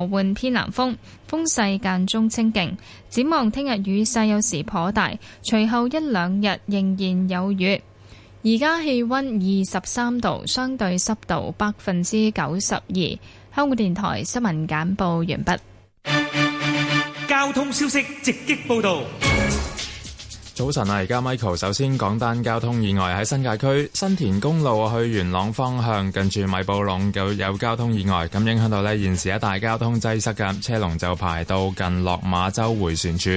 和換偏南風，風勢間中清勁。展望聽日雨勢有時頗大，隨後一兩日仍然有雨。而家氣溫二十三度，相對濕度百分之九十二。香港電台新聞簡報完畢。交通消息直擊報道。早晨啊，而家 Michael 首先講單交通意外喺新界區新田公路去元朗方向近住米埔隴，有有交通意外，咁影響到呢，現時一大交通擠塞噶，車龍就排到近落馬洲回旋處，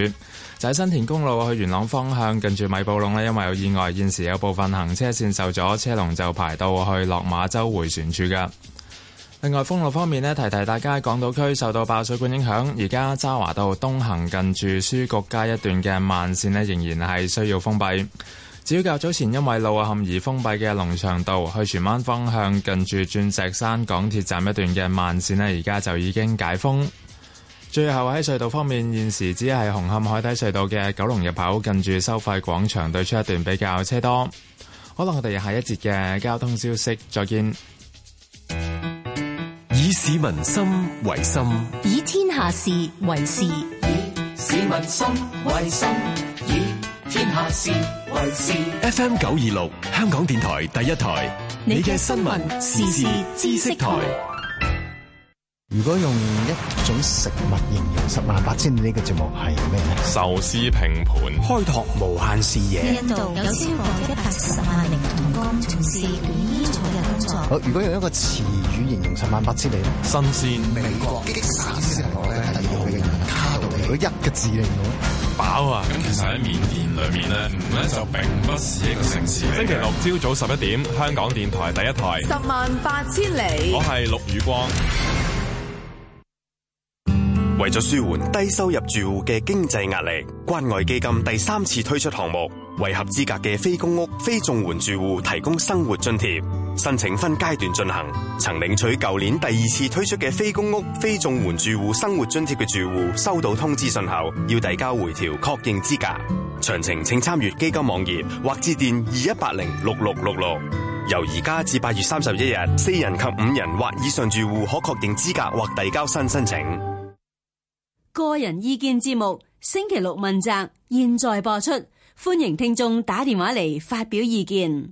就喺新田公路去元朗方向近住米埔隴，呢因為有意外，現時有部分行車線受阻，車龍就排到去落馬洲回旋處噶。另外，封路方面呢，提提大家，港島區受到爆水管影響，而家渣華道東行近住書局街一段嘅慢線呢，仍然係需要封閉。至於較早前因為路陷而封閉嘅龍翔道去荃灣方向近住鑽石山港鐵站一段嘅慢線呢，而家就已經解封。最後喺隧道方面，現時只係紅磡海底隧道嘅九龍入口近住收費廣場對出一段比較車多。好啦，我哋下一節嘅交通消息，再見。以市民心為心，以天下事為事。以市民心為心，以天下事為事。F M 九二六，香港電台第一台，你嘅新聞時事知識台。如果用一種食物形容十萬八千里個呢個節目係咩？壽司拼盤，開拓無限視野。印度有超過一百四十萬名童工從事捲煙草嘅工作。好，如果用一個詞語形容。十萬八千里，新鮮美國激激省先同我咧，第一個卡到嚟，嗰一個字嚟到，你飽啊！咁其實喺緬甸裏面咧，唔咧、嗯嗯、就並不是一個城市。星期六朝早十一點，香港電台第一台，十萬八千里，我係陸宇光。為咗舒緩低收入住戶嘅經濟壓力，關愛基金第三次推出項目，為合資格嘅非公屋、非綜援住戶提供生活津貼。申請分階段進行，曾領取舊年第二次推出嘅非公屋非綜援住戶生活津貼嘅住戶，收到通知信後，要遞交回條確認資格。詳情請參閱基金網頁或致電二一八零六六六六。由而家至八月三十一日，四人及五人或以上住戶可確認資格或遞交新申請。個人意見節目星期六問責，現在播出，歡迎聽眾打電話嚟發表意見。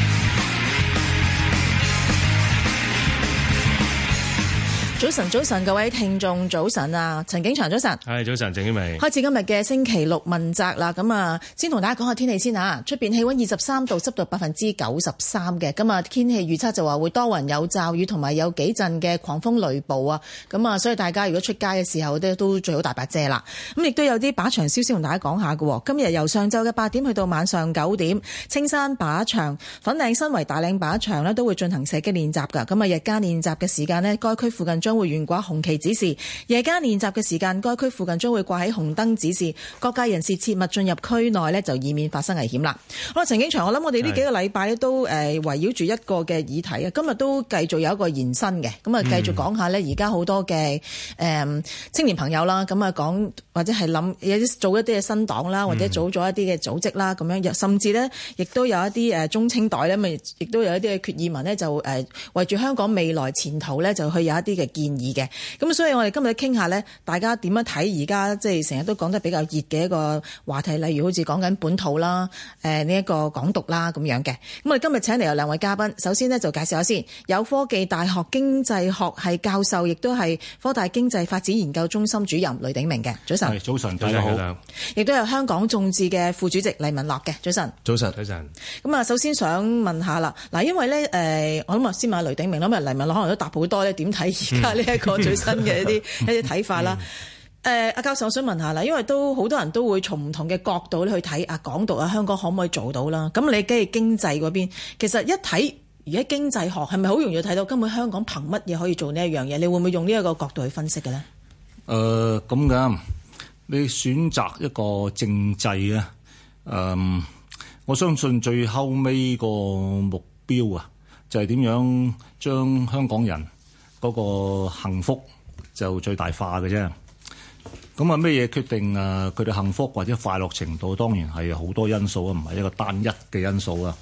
早晨，早晨，各位聽眾，早晨啊！陳景祥，早晨。係，早晨，鄭婉薇。開始今日嘅星期六問責啦。咁啊，先同大家講下天氣先吓。出邊氣溫二十三度，濕度百分之九十三嘅。咁啊，天氣預測就話會多雲有驟雨，同埋有幾陣嘅狂風雷暴啊。咁啊，所以大家如果出街嘅時候咧，都最好帶把遮啦。咁亦都有啲靶場消息同大家講下嘅。今日由上晝嘅八點去到晚上九點，青山靶場、粉嶺新圍大嶺靶場咧都會進行射擊練習噶，咁啊，日間練習嘅時間咧，該區附近將會懸掛紅旗指示，夜間練習嘅時間，該區附近將會掛喺紅燈指示，各界人士切勿進入區內呢就以免發生危險啦。好，陳景祥，我諗我哋呢幾個禮拜都誒圍繞住一個嘅議題啊，的今日都繼續有一個延伸嘅，咁啊繼續講下呢，而家好多嘅誒青年朋友啦，咁啊講或者係諗有啲做一啲嘅新黨啦，或者組咗一啲嘅組織啦，咁樣甚至呢，亦都有一啲誒中青代呢，咪亦都有一啲嘅決議民呢，就誒為住香港未來前途呢，就去有一啲嘅建建議嘅，咁所以我哋今日傾下呢，大家點樣睇而家即係成日都講得比較熱嘅一個話題，例如好似講緊本土啦，誒呢一個港獨啦咁樣嘅。咁我哋今日請嚟有兩位嘉賓，首先呢就介紹下先，有科技大學經濟學系教授，亦都係科大經濟發展研究中心主任雷鼎鳴嘅。早晨。早晨，大家好。亦都有香港眾志嘅副主席黎汶洛嘅。早晨。早晨，早晨。咁啊，首先想問下啦，嗱，因為呢，誒、呃，我諗啊，先問下雷鼎鳴啦，咁黎汶洛可能都答好多咧，點睇而家？嗯呢一個最新嘅一啲一啲睇法啦，誒，阿教授，我想問下啦，因為都好多人都會從唔同嘅角度去睇啊，港獨啊，香港可唔可以做到啦？咁你梗係經濟嗰邊，其實一睇而家經濟學係咪好容易睇到根本香港憑乜嘢可以做呢一樣嘢？你會唔會用呢一個角度去分析嘅咧？誒、呃，咁㗎，你選擇一個政制呀，誒、呃，我相信最後尾個目標啊，就係、是、點樣將香港人。嗰個幸福就最大化嘅啫。咁啊，咩嘢決定啊？佢哋幸福或者快樂程度，當然係好多因素啊，唔係一個單一嘅因素，因素啊。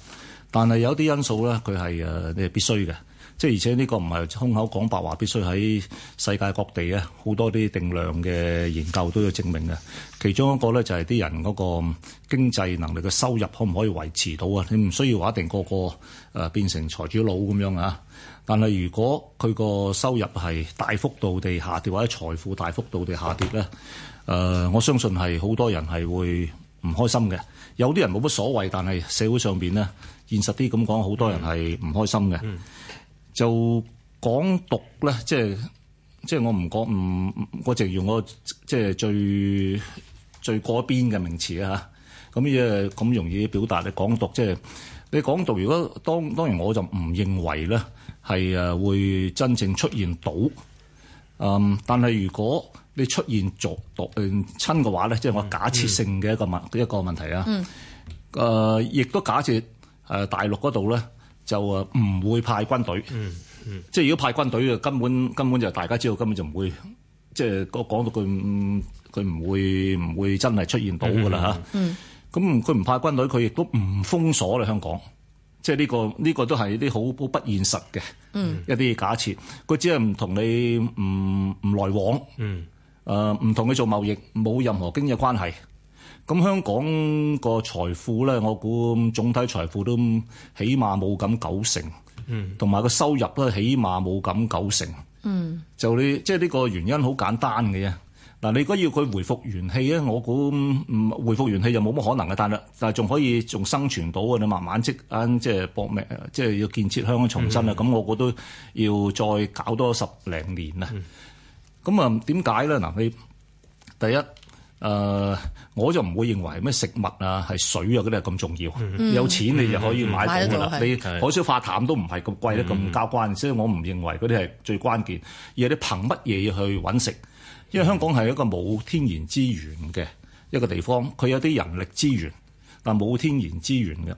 但係有啲因素咧，佢係誒，你係必須嘅。即係，而且呢個唔係空口講白話，必須喺世界各地啊，好多啲定量嘅研究都有證明嘅。其中一個咧就係啲人嗰個經濟能力嘅收入可唔可以維持到啊？你唔需要話一定個個誒變成財主佬咁樣啊。但係如果佢個收入係大幅度地下跌，或者財富大幅度地下跌咧，誒、呃，我相信係好多人係會唔開心嘅。有啲人冇乜所謂，但係社會上邊咧現實啲咁講，好多人係唔開心嘅。就港獨咧，即係即係我唔講唔，我淨用我即係最最嗰邊嘅名詞啊！咁嘢咁容易表達你港獨即係你港獨。如果當當然我就唔認為咧係誒會真正出現到，嗯，但係如果你出現咗獨誒親嘅話咧，即係我假設性嘅一個問一個問題啊。嗯。亦、嗯呃、都假設誒大陸嗰度咧。就啊，唔會派軍隊。嗯嗯，即係如果派軍隊，根本根本就大家知道，根本就唔會，即係講講到佢佢唔會唔會真係出現到噶啦嚇。嗯，咁佢唔派軍隊，佢亦都唔封鎖你香港。即係呢個呢個都係啲好好不現實嘅一啲假設。佢只係唔同你唔唔來往。嗯，誒唔同佢做貿易，冇任何經濟關係。咁香港個財富咧，我估總體財富都起碼冇咁九成，嗯，同埋個收入都起碼冇咁九成，嗯，就你即係呢個原因好簡單嘅啫。嗱，你如果要佢回復元氣咧，我估唔、嗯、回復元氣就冇乜可能嘅但啦。但係仲可以仲生存到啊。你慢慢即係即係搏命，即係要建設香港重新啊。咁、嗯、我估都要再搞多十零年啦。咁啊、嗯，點解咧？嗱，你第一。誒，uh，我就唔會認為咩食物啊，係水啊嗰啲係咁重要。嗯、有錢你就可以買到㗎喇。嗯嗯嗯、你海水化淡都唔係咁貴咧，咁交關，所以我唔認為嗰啲係最關鍵。而係你憑乜嘢去揾食？因為香港係一個冇天然資源嘅一個地方，佢有啲人力資源，但冇天然資源嘅。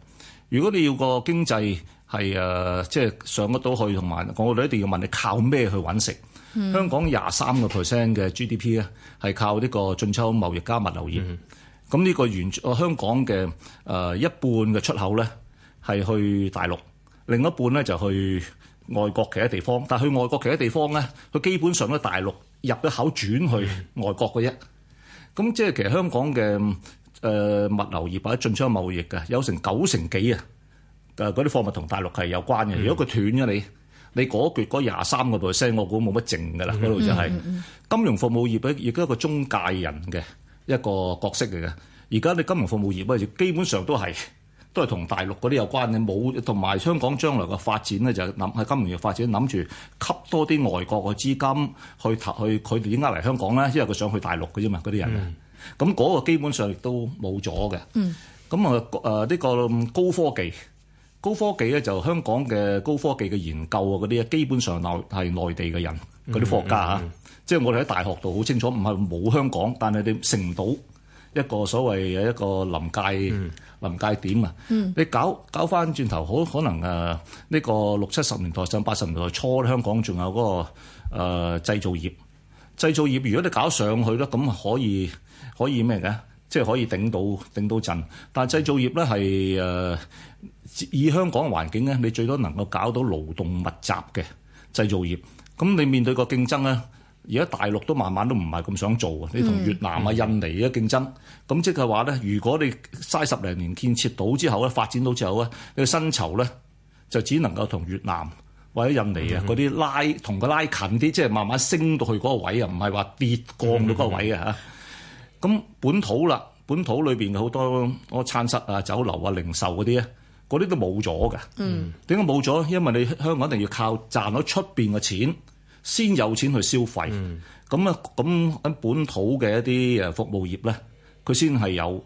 如果你要個經濟係誒，即、呃、係、就是、上得到去，同埋我哋一定要問你靠咩去揾食？嗯、香港廿三個 percent 嘅 GDP 咧係靠呢個進出口貿易加物流業。咁呢、嗯、個源啊香港嘅誒、呃、一半嘅出口咧係去大陸，另一半咧就去外國其他地方。但係去外國其他地方咧，佢基本上都大陸入咗口轉去外國嘅啫。咁、嗯、即係其實香港嘅誒、呃、物流業或者進出口貿易嘅有成九成幾啊，誒嗰啲貨物同大陸係有關嘅。嗯、如果佢斷咗你。你嗰橛嗰廿三個 percent，我估冇乜剩噶啦，嗰度就係金融服務業，亦都係一個中介人嘅一個角色嚟嘅。而家你金融服務業咧，基本上都係都係同大陸嗰啲有關嘅，冇同埋香港將來嘅發展咧、就是，就諗喺金融業發展，諗住吸多啲外國嘅資金去去佢哋啲啱嚟香港咧，因為佢想去大陸嘅啫嘛，嗰啲人咁嗰、嗯、個基本上亦都冇咗嘅。咁啊誒呢個高科技。高科技咧，就香港嘅高科技嘅研究啊嗰啲啊，基本上內係內地嘅人嗰啲科學家吓，嗯嗯、即係我哋喺大學度好清楚，唔係冇香港，但係你成唔到一個所謂嘅一個臨界臨、嗯、界點啊！嗯、你搞搞翻轉頭好可能誒呢個六七十年代上八十年代初香港仲有嗰個製、呃、造業，製造業，如果你搞上去咧，咁可以可以咩嘅？即係可以頂到頂到陣，但係製造業咧係誒以香港環境咧，你最多能夠搞到勞動密集嘅製造業。咁你面對個競爭咧，而家大陸都慢慢都唔係咁想做啊！你同越南啊、印尼嘅競爭，咁、嗯、即係話咧，如果你嘥十零年建設到之後咧，發展到之後咧，你薪酬咧就只能夠同越南或者印尼啊嗰啲拉同佢拉近啲，即係慢慢升到去嗰個位啊，唔係話跌降到嗰個位啊嚇。嗯嗯嗯。咁本土啦，本土裏邊嘅好多餐室啊、酒樓啊、零售嗰啲咧，嗰啲都冇咗㗎。點解冇咗？因為你香港一定要靠賺到出邊嘅錢，先有錢去消費。咁啊、嗯，咁喺本土嘅一啲誒服務業咧，佢先係有。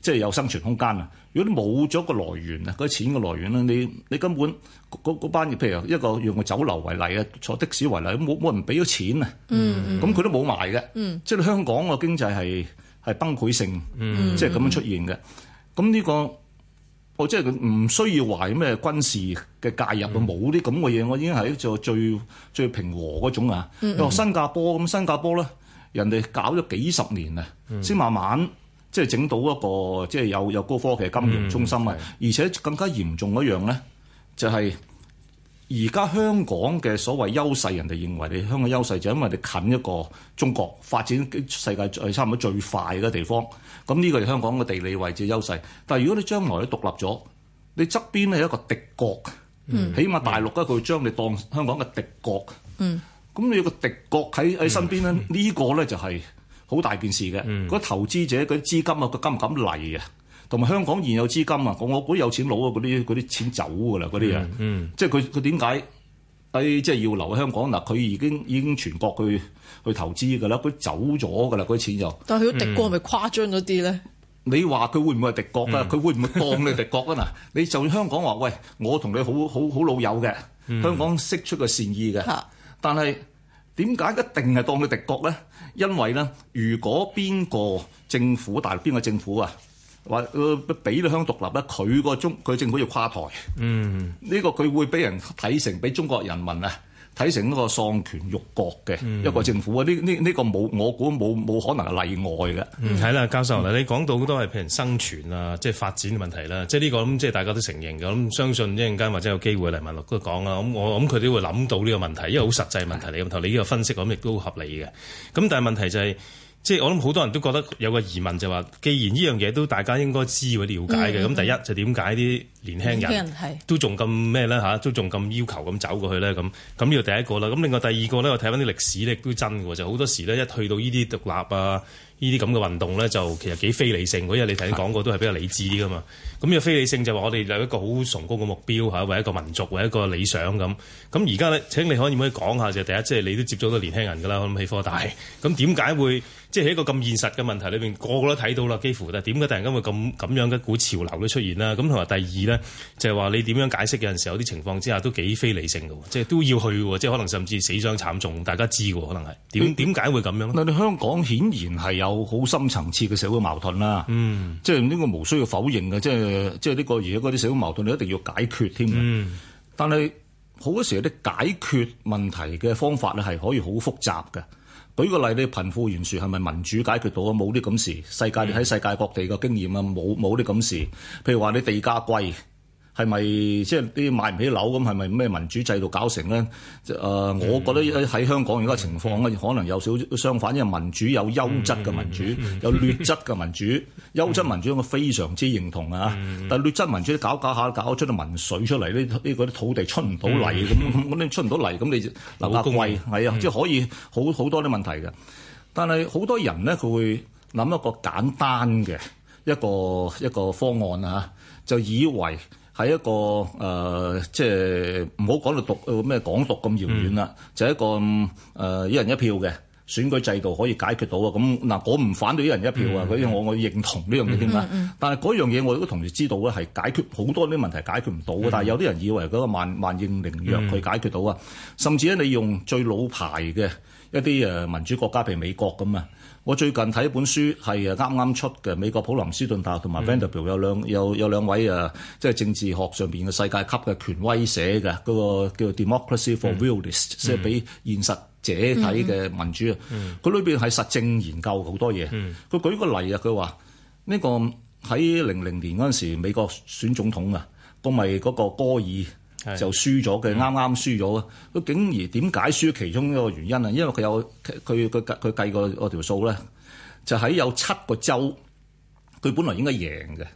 即係有生存空間啊！如果你冇咗個來源啊，啲、嗰啲、錢嘅來源咧，你你根本嗰班嘢，譬如一個用個酒樓為例啊，坐的士為例，冇冇人俾咗錢啊！咁佢、嗯嗯、都冇埋嘅，即係、嗯、香港個經濟係係崩潰性，即係咁樣出現嘅。咁呢、呢個我即係佢唔需要話咩軍事嘅介入啊，冇啲咁嘅嘢，我已經係做最最平和嗰種啊。你話、嗯嗯、新加坡咁新加坡咧，人哋搞咗幾十年啊，先慢慢。即係整到一個即係有有高科技嘅金融中心啊！嗯、而且更加嚴重一樣咧，就係而家香港嘅所謂優勢，人哋認為你香港優勢就係因為你近一個中國發展世界最差唔多最快嘅地方。咁呢個係香港嘅地理位置優勢。但係如果你將來你獨立咗，你側邊咧係一個敵國，起碼大陸咧佢將你當香港嘅敵國。咁你有個敵國喺喺身邊咧，呢、嗯嗯、個咧就係、是。好大件事嘅，嗰、嗯、投資者嗰啲資金啊，佢敢唔敢嚟啊？同埋香港現有資金啊，我我有錢佬啊，嗰啲啲錢走噶啦，嗰啲啊，嗯嗯、即係佢佢點解？誒，即、哎、係、就是、要留香港嗱？佢已經已經全國去去投資㗎啦，佢走咗㗎啦，嗰啲錢就。但係佢個敵國係咪誇張咗啲咧？嗯、你話佢會唔會係敵國啊？佢、嗯、 會唔會當你敵國啊？嗱，你就算香港話喂，我同你好好好老友嘅，香港釋出個善意嘅、嗯，但係。點解一定係當佢敵國呢？因為呢，如果邊個政府，大陸邊個政府啊，或俾佢想獨立呢，佢個中佢政府要垮台。嗯，呢個佢會俾人睇成俾中國人民啊。睇成一個喪權辱國嘅一個政府啊！呢呢呢個冇、這個，我估冇冇可能係例外嘅。係啦、嗯，教授嗱，嗯、你講到都係譬如生存啊，即係發展嘅問題啦。即係呢、這個咁，即係大家都承認嘅。咁相信一陣間或者有機會嚟問洛哥講啊。咁我諗佢哋會諗到呢個問題，因為好實際問題嚟咁頭。的你呢個分析咁亦都合理嘅。咁但係問題就係、是。即係我諗好多人都覺得有個疑問就話，既然呢樣嘢都大家應該知或者了解嘅，咁、嗯、第一就點解啲年輕人都仲咁咩咧嚇？都仲咁要求咁走過去咧咁？咁呢個第一個啦。咁另外第二個咧，我睇翻啲歷史亦都真嘅，就好、是、多時咧一去到呢啲獨立啊、呢啲咁嘅運動咧，就其實幾非理性嘅，因為你頭先講過都係比較理智啲噶嘛。咁呢個非理性就話我哋有一個好崇高嘅目標嚇，為一個民族為一個理想咁。咁而家咧，請你可以唔可以講下就第一，即、就、係、是、你都接觸到年輕人㗎啦，我諗喺科大咁點解會？即係喺一個咁現實嘅問題裏邊，個個都睇到啦。幾乎，但點解突然間會咁咁樣嘅一股潮流都出現啦？咁同埋第二呢，就係話你點樣解釋嘅陣時候，有啲情況之下都幾非理性嘅，即係都要去，即係可能甚至死傷慘重，大家知嘅可能係點，點解會咁樣？你香港顯然係有好深層次嘅社會矛盾啦。嗯，即係呢個無需要否認嘅，即係即係呢個而家嗰啲社會矛盾你一定要解決添。嗯，但係好多時候啲解決問題嘅方法咧係可以好複雜嘅。舉個例子，你貧富懸殊係咪民主解決到啊？冇啲咁事，世界喺、嗯、世界各地嘅經驗啊，冇冇啲咁事。譬如話，你地價貴。係咪即係啲買唔起樓咁？係咪咩民主制度搞成咧？誒、呃，我覺得喺香港而家情況咧，可能有少少相反，因為民主有優質嘅民主，有劣質嘅民主。優質民主我非常之認同啊！但劣質民主搞搞下，搞出啲民粹出嚟，呢啲啲土地出唔到嚟，咁，咁你出唔到嚟，咁，你就樓價貴係啊！即係可以，好好多啲問題嘅。但係好多人咧，佢會諗一個簡單嘅一個一個方案啊，就以為。係一個誒、呃，即係唔好講到獨咩港獨咁遙遠啦，嗯、就係一個誒、呃、一人一票嘅選舉制度可以解決到啊。咁、嗯、嗱、呃，我唔反對一人一票啊，嗰、嗯、我我認同呢樣嘢點解？嗯嗯、但係嗰樣嘢我亦都同時知道咧，係解決好多啲問題解決唔到嘅。嗯、但係有啲人以為嗰個萬萬應靈藥佢解決到啊，嗯嗯、甚至咧你用最老牌嘅一啲誒民主國家，譬如美國咁啊。我最近睇一本書係啊啱啱出嘅，美國普林斯頓大學同埋 Vanderbilt 有兩有有兩位啊，即係政治學上邊嘅世界級嘅權威寫嘅嗰、嗰個叫做 Democracy for Realists、嗯、即係俾現實者睇嘅民主。佢裏邊係實證研究好多嘢。佢舉例、個例啊，佢話呢個喺零零年嗰陣時美國選總統啊，咁咪嗰個戈爾。是就輸咗嘅，啱啱輸咗啊！佢、嗯、竟然點解輸？其中一個原因啊，因為佢有佢佢計佢計過條數咧，就喺、是、有七個州，佢本來應該贏嘅，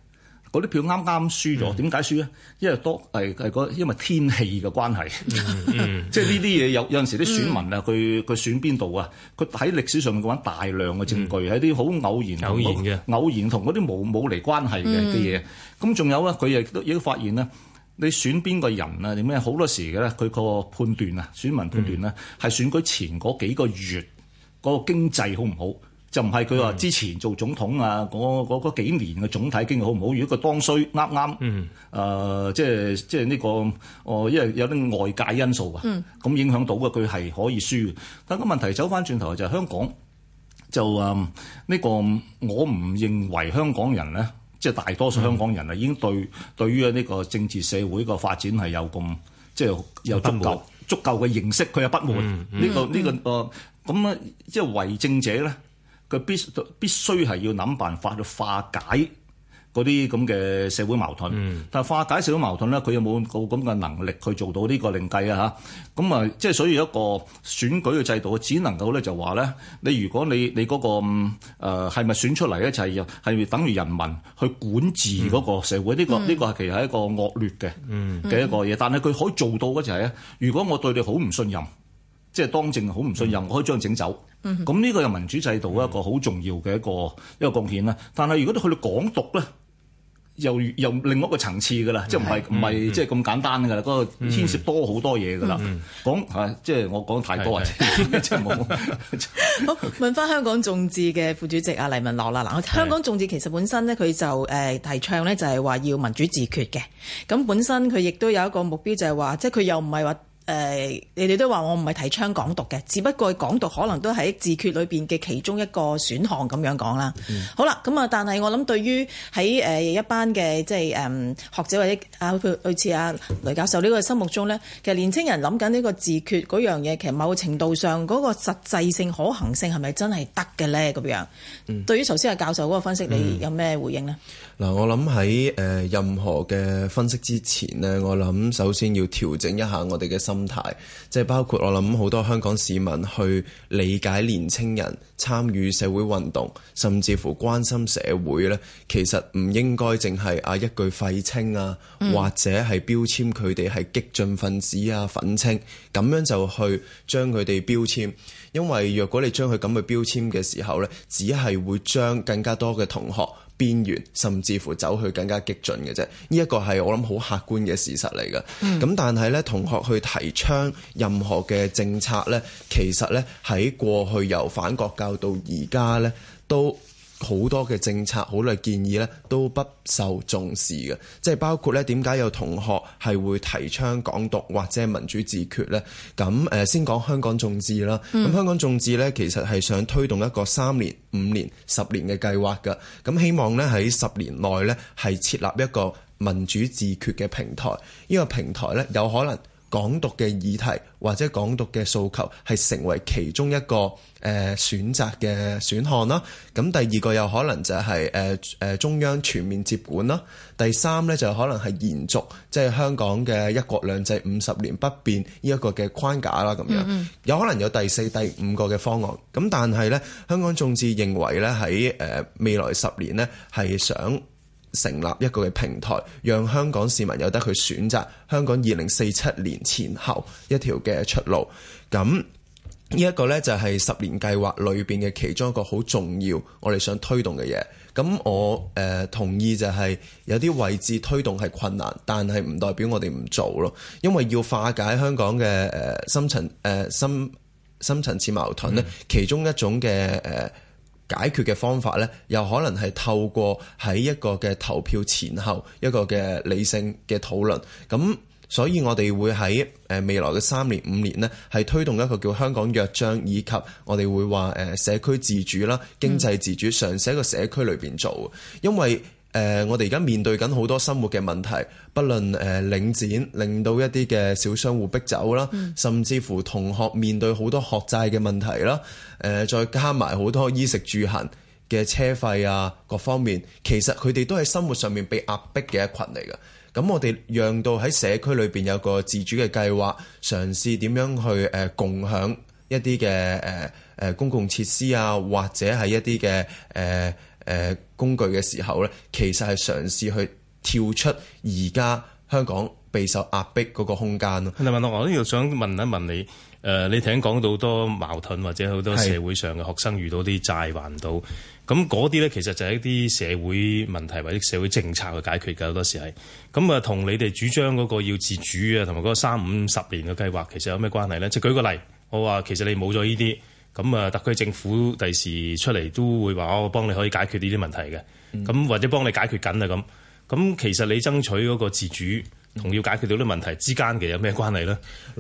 嗰啲票啱啱輸咗，點解、嗯、輸咧？因為多係係因，因為天氣嘅關係，即係呢啲嘢有有陣時啲選民啊，佢佢、嗯、選邊度啊？佢喺歷史上面嘅話，大量嘅證據喺啲好偶然偶然嘅偶然同嗰啲冇冇嚟關係嘅嘅嘢。咁仲、嗯、有咧，佢亦都亦都發現咧。你選邊個人啊？點咩好多時嘅咧？佢個判斷啊，選民判斷咧，係、嗯、選舉前嗰幾個月嗰、嗰個經濟好唔好？就唔係佢話之前做總統啊嗰幾年嘅總體經濟好唔好？如果佢當需啱啱，誒、嗯呃、即係即係、呢、呢個哦、呃，因為有啲外界因素啊，咁影響到嘅佢係可以輸嘅。但個問題走翻轉頭就係、係、香港就誒呢、嗯呢個我唔認為香港人咧。即係大多數香港人啊，嗯、已經對對於呢個政治社會個發展係有咁即係有足夠、嗯嗯、足夠嘅認識，佢係不滿呢、嗯嗯呢個呢、呢個個咁啊！即係為政者咧，佢必須必須係要諗辦法去化解。嗰啲咁嘅社會矛盾，嗯、但係化解社會矛盾咧，佢有冇個咁嘅能力去做到呢個另計啊？嚇，咁啊，即係所以一個選舉嘅制度，只能夠咧就話咧，你如果你你嗰、嗰個誒係咪選出嚟咧，就係、是、係等於人民去管治嗰個社會，呢、嗯這個呢、嗯這個係、這個、其實係一個惡劣嘅嘅、嗯、一個嘢。但係佢可以做到嘅就係、是、啊，如果我對你好唔信任，即係當政好唔信任、嗯，我可以將佢整走。咁呢、嗯、個又民主制度一個好重要嘅一個、嗯、哼一個貢獻啦。但係如果你去到港獨咧，又又另一個層次㗎啦，的即係唔係唔係即係咁簡單㗎啦，嗰個牽涉多好多嘢㗎啦。嗯、哼講即係我講太多啊，即冇。 好，問返香港眾志嘅副主席阿黎汶洛啦，嗱，香港眾志其實本身咧佢就誒提倡咧就係話要民主自決嘅。咁本身佢亦都有一個目標就係話，即係佢又唔係話。誒、呃，你哋都話我唔係提倡港獨嘅，只不過港獨可能都喺自決裏邊嘅其中一個選項咁樣講啦。嗯、好啦，咁啊，但係我諗對於喺誒一班嘅即係誒、嗯、學者或者啊，類似啊雷教授呢個心目中呢，其實年青人諗緊呢個自決嗰樣嘢，其實某程度上嗰個實際性、可行性係咪真係得嘅呢？咁樣、嗯，對於頭先阿教授嗰個分析，你有咩回應呢？嗯嗱，我諗喺誒任何嘅分析之前咧，我諗首先要調整一下我哋嘅心態，即係包括我諗好多香港市民去理解年青人參與社會運動，甚至乎關心社會咧，其實唔應該淨係啊一句廢青啊，嗯、或者係標籤佢哋係激進分子啊、憤青咁樣就去將佢哋標籤，因為若果你將佢咁去標籤嘅時候咧，只係會將更加多嘅同學邊緣，甚至乎走去更加激進嘅啫，呢一個係我諗好客觀嘅事實嚟嘅。咁、嗯、但係呢，同學去提倡任何嘅政策呢，其實呢，喺過去由反國教到而家呢，都，好多嘅政策，好多建議咧，都不受重視嘅。即係包括咧，點解有同學係會提倡港獨或者民主自決呢？咁誒，先講香港眾志啦。咁、嗯、香港眾志呢，其實係想推動一個三年、五年、十年嘅計劃㗎。咁希望呢，喺十年內呢，係設立一個民主自決嘅平台。呢個平台呢，有可能，港獨嘅議題或者港獨嘅訴求係成為其中一個誒、呃、選擇嘅選項啦。咁第二個有可能就係誒誒中央全面接管啦。第三呢就可能係延續即係、就是、香港嘅一國兩制五十年不變呢一個嘅框架啦。咁樣有可能有第四、第五個嘅方案。咁但係呢，香港眾志認為呢喺誒未來十年呢係想。成立一個嘅平台，讓香港市民有得去選擇香港二零四七年前後一條嘅出路。咁呢一個呢，就係、是、十年計劃裏邊嘅其中一個好重要，我哋想推動嘅嘢。咁我誒、呃、同意就係、是、有啲位置推動係困難，但係唔代表我哋唔做咯。因為要化解香港嘅誒深層誒、呃、深深層次矛盾咧，其中一種嘅誒、呃解決嘅方法呢，又可能係透過喺一個嘅投票前後一個嘅理性嘅討論。咁，所以我哋會喺誒未來嘅三年五年呢，係推動一個叫香港約章，以及我哋會話誒社區自主啦、經濟自主，嘗試喺個社區裏邊做，因為，誒、呃，我哋而家面對緊好多生活嘅問題，不論誒領展令到一啲嘅小商戶逼走啦，甚至乎同學面對好多學債嘅問題啦，誒、呃，再加埋好多衣食住行嘅車費啊各方面，其實佢哋都係生活上面被壓迫嘅一群嚟嘅。咁我哋讓到喺社區裏邊有個自主嘅計劃，嘗試點樣去誒、呃、共享一啲嘅誒誒公共設施啊，或者係一啲嘅誒。呃誒工具嘅時候咧，其實係嘗試去跳出而家香港備受壓迫嗰個空間咯。黎汶洛，我都要想問一問你，誒、呃、你聽講到多矛盾或者好多社會上嘅學生遇到啲債還唔到，咁嗰啲咧其實就係一啲社會問題或者社會政策嘅解決嘅好多時係。咁啊，同你哋主張嗰個要自主啊，同埋嗰個三五十年嘅計劃，其實有咩關係咧？即係舉個例，我話其實你冇咗依啲。咁啊，特區政府第時出嚟都會話：我幫你可以解決呢啲問題嘅。咁或者幫你解決緊啊咁。咁其實你爭取嗰個自主同要解決到啲問題之間嘅有咩關係咧？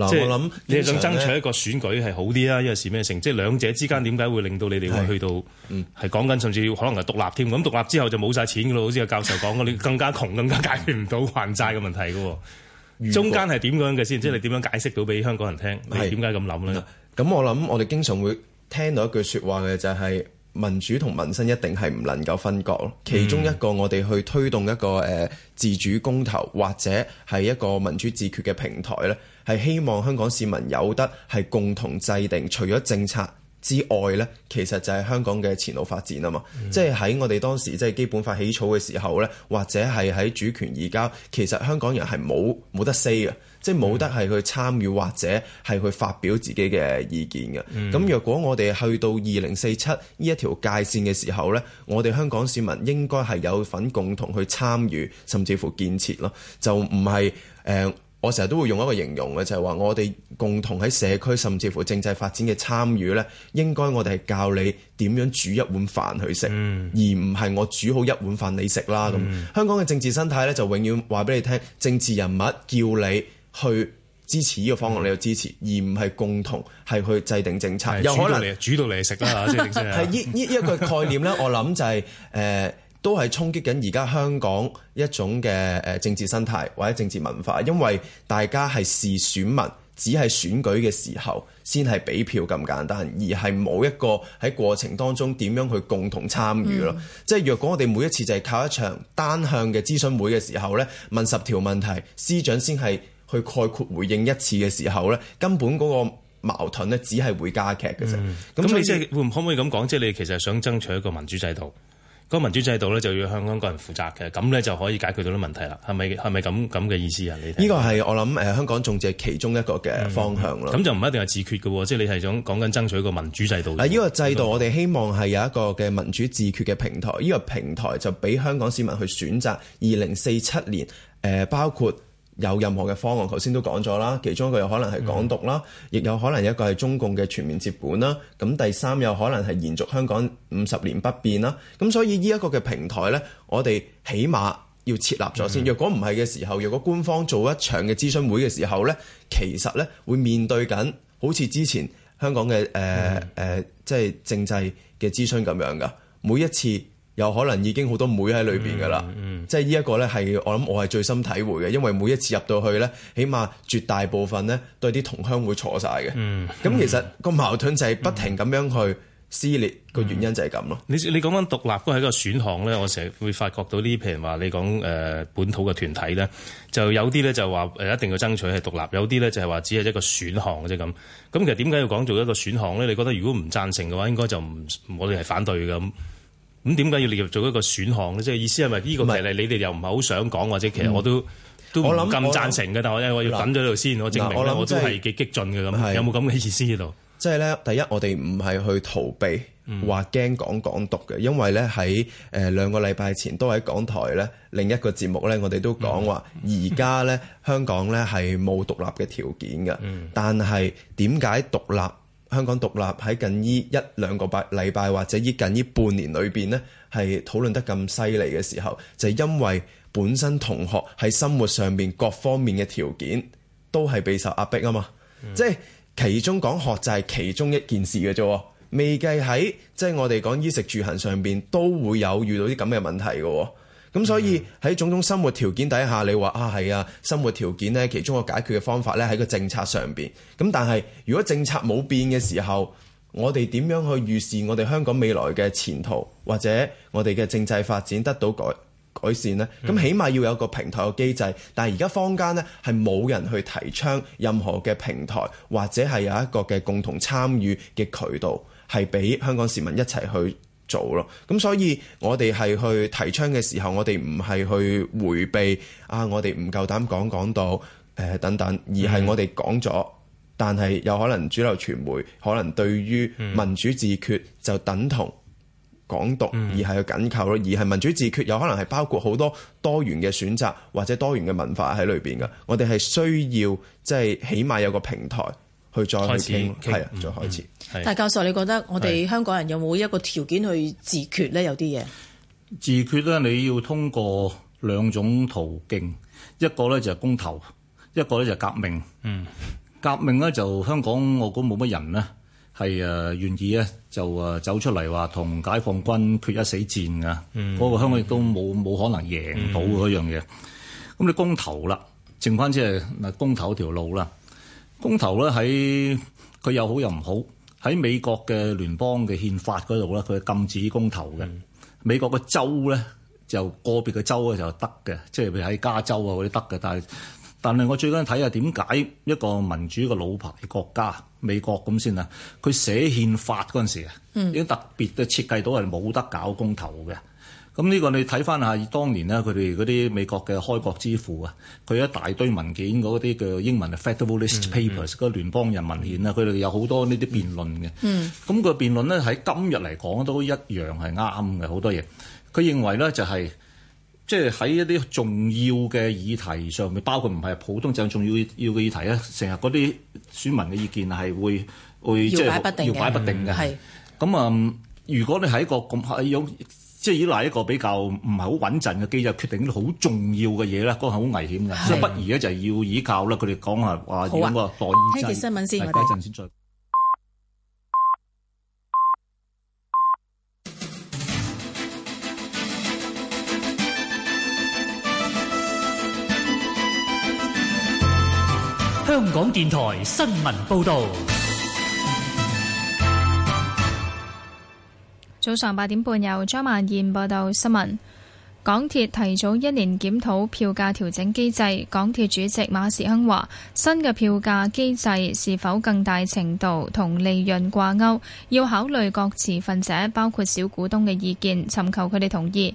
即係，我諗你係想爭取一個選舉係好啲啊，因為是咩成？即係兩者之間點解會令到你哋會去到係講緊甚至可能係獨立添？咁獨立之後就冇晒錢嘅咯，好似阿教授講嘅，你更加窮，更加解決唔到還債嘅問題嘅。中間係點樣嘅先？即係你點樣解釋到俾香港人聽？你點解咁諗咧？咁我諗，我哋經常會聽到一句說話嘅就係民主同民生一定係唔能夠分割咯。其中一個我哋去推動一個誒自主公投或者係一個民主自決嘅平台呢，係希望香港市民有得係共同制定，除咗政策之外呢，其實就係香港嘅前路發展啊嘛。即係喺我哋當時即係基本法起草嘅時候呢，或者係喺主權移交，其實香港人係冇冇得 say 嘅。即係冇得係去參與或者係去發表自己嘅意見嘅。咁若、嗯、果我哋去到二零四七呢一條界線嘅時候呢，我哋香港市民應該係有份共同去參與，甚至乎建設咯。就唔係誒，我成日都會用一個形容嘅，就係、是、話我哋共同喺社區，甚至乎政制發展嘅參與呢，應該我哋係教你點樣煮一碗飯去食，嗯、而唔係我煮好一碗飯你食啦咁。香港嘅政治生態呢，就永遠話俾你聽，政治人物叫你。去支持呢個方案，你就支持，而唔係共同係去制定政策。又、嗯、可能煮到嚟食啦，係呢一個概念呢我諗就係、是、誒、呃，都係衝擊緊而家香港一種嘅誒政治生態或者政治文化，因為大家係視選民，只係選舉嘅時候先係俾票咁簡單，而係冇一個喺過程當中點樣去共同參與咯。嗯、即係若果我哋每一次就係靠一場單向嘅諮詢會嘅時候呢問十條問題，司長先係。去概括回應一次嘅時候咧，根本嗰個矛盾咧，只係會加劇嘅啫。咁你、嗯、即係會唔可唔可以咁講，即係你其實想爭取一個民主制度。嗰個民主制度咧，就要向香港人負責嘅，咁咧就可以解決到啲問題啦。係咪係咪咁咁嘅意思啊？呢個係我諗誒香港眾志其中一個嘅方向咯。咁、嗯、就唔一定係自決嘅喎，即係你係想講緊爭取一個民主制度。呢個制度我哋希望係有一個嘅民主自決嘅平台。呢、這個平台就俾香港市民去選擇二零四七年誒、呃，包括。有任何嘅方案，頭先都講咗啦。其中一個有可能係港獨啦，亦、嗯、有可能一個係中共嘅全面接管啦。咁、嗯、第三有可能係延續香港五十年不變啦。咁、嗯、所以呢一個嘅平台呢，我哋起碼要設立咗先。若果唔係嘅時候，若果官方做一場嘅諮詢會嘅時候呢，其實呢會面對緊好似之前香港嘅誒誒，即係政制嘅諮詢咁樣㗎。每一次。有可能已經好多妹喺裏邊噶啦，嗯嗯、即係呢一個咧，係我諗我係最深體會嘅，因為每一次入到去咧，起碼絕大部分咧都有啲同鄉會坐晒嘅。咁、嗯嗯、其實個矛盾就係不停咁樣去撕裂個、嗯、原因就係咁咯。你你講緊獨立，都係一個選項咧。我成日會發覺到呢譬如話你講誒本土嘅團體咧，就有啲咧就話誒一定要爭取係獨立，有啲咧就係話只係一個選項嘅啫。咁咁其實點解要講做一個選項咧？你覺得如果唔贊成嘅話，應該就唔我哋係反對咁。咁點解要列入做一個選項咧？即係意思係咪呢個問題，是你哋又唔係好想講，或者其實我、嗯、都都唔咁贊成嘅？但係我我要等咗度先，嗯、我證明我真係幾激進嘅咁。嗯、是有冇咁嘅意思喺度？即係咧，第一我哋唔係去逃避話驚講港獨嘅，因為咧喺誒兩個禮拜前都喺港台咧另一個節目咧，我哋都講話而家咧香港咧係冇獨立嘅條件嘅。嗯、但係點解獨立？香港獨立喺近呢一兩個拜禮拜或者呢近呢半年裏邊呢，係討論得咁犀利嘅時候，就係、是、因為本身同學喺生活上面各方面嘅條件都係備受壓迫啊嘛，嗯、即係其中講學就係其中一件事嘅啫喎，未計喺即係我哋講衣食住行上邊都會有遇到啲咁嘅問題嘅、哦。咁所以喺種種生活條件底下你，你話啊係啊，生活條件咧其中一個解決嘅方法咧喺個政策上邊。咁但係如果政策冇變嘅時候，我哋點樣去預示我哋香港未來嘅前途或者我哋嘅政制發展得到改改善咧？咁起碼要有個平台嘅機制。但係而家坊間咧係冇人去提倡任何嘅平台或者係有一個嘅共同參與嘅渠道，係俾香港市民一齊去。做咯，咁所以我哋係去提倡嘅時候，我哋唔係去回避啊，我哋唔夠膽講講到誒等等，而係我哋講咗，但係有可能主流傳媒可能對於民主自決就等同港獨，而係去緊扣咯，而係民主自決有可能係包括好多多元嘅選擇或者多元嘅文化喺裏邊㗎，我哋係需要即係起碼有個平台。去再去開始，係啊，再開始。但係、嗯嗯、教授，你覺得我哋香港人有冇一個條件去自決咧？有啲嘢自決咧，你要通過兩種途徑，一個咧就係、是、公投，一個咧就係、是、革命。嗯，革命咧就香港，我估冇乜人呢，係誒、啊、願意咧就誒、啊、走出嚟話同解放軍決一死戰㗎、啊。嗯，嗰個香港亦都冇冇可能贏到嗰樣嘢。咁、嗯、你公投啦，剩翻即係嗱公投條路啦。公投咧，喺佢又好又唔好，喺美國嘅聯邦嘅憲法嗰度咧，佢係禁止公投嘅。美國嘅州咧，就個別嘅州咧就得嘅，即係譬如喺加州啊嗰啲得嘅。但係但係我最緊要睇下點解一個民主嘅老牌國家美國咁先啊，佢寫憲法嗰陣時啊，已經特別嘅設計到係冇得搞公投嘅。咁呢個你睇翻下當年咧，佢哋嗰啲美國嘅開國之父啊，佢一大堆文件嗰啲嘅英文《Federalist Papers、嗯》嗰、嗯、聯邦人民憲啊，佢哋有好多呢啲辯論嘅。嗯。咁個辯論咧喺今日嚟講都一樣係啱嘅，好多嘢。佢認為咧就係、是，即係喺一啲重要嘅議題上面，包括唔係普通就係、重要要嘅議題咧，成日嗰啲選民嘅意見係會會即係搖擺不定嘅。搖擺、嗯、不定嘅係。咁啊是，如果你喺一個咁係、哎即係依賴一個比較唔係好穩陣嘅機制，決定啲好重要嘅嘢啦。嗰個係好危險嘅，的所以不如咧就係要依靠啦、啊。佢哋講下，話咁個代議制。聽件新聞先，我哋香港電台新聞報道。早上八點半，由張曼燕報道新聞。港鐵提早一年檢討票價調整機制。港鐵主席馬時亨話：新嘅票價機制是否更大程度同利潤掛鈎，要考慮各持份者，包括小股東嘅意見，尋求佢哋同意。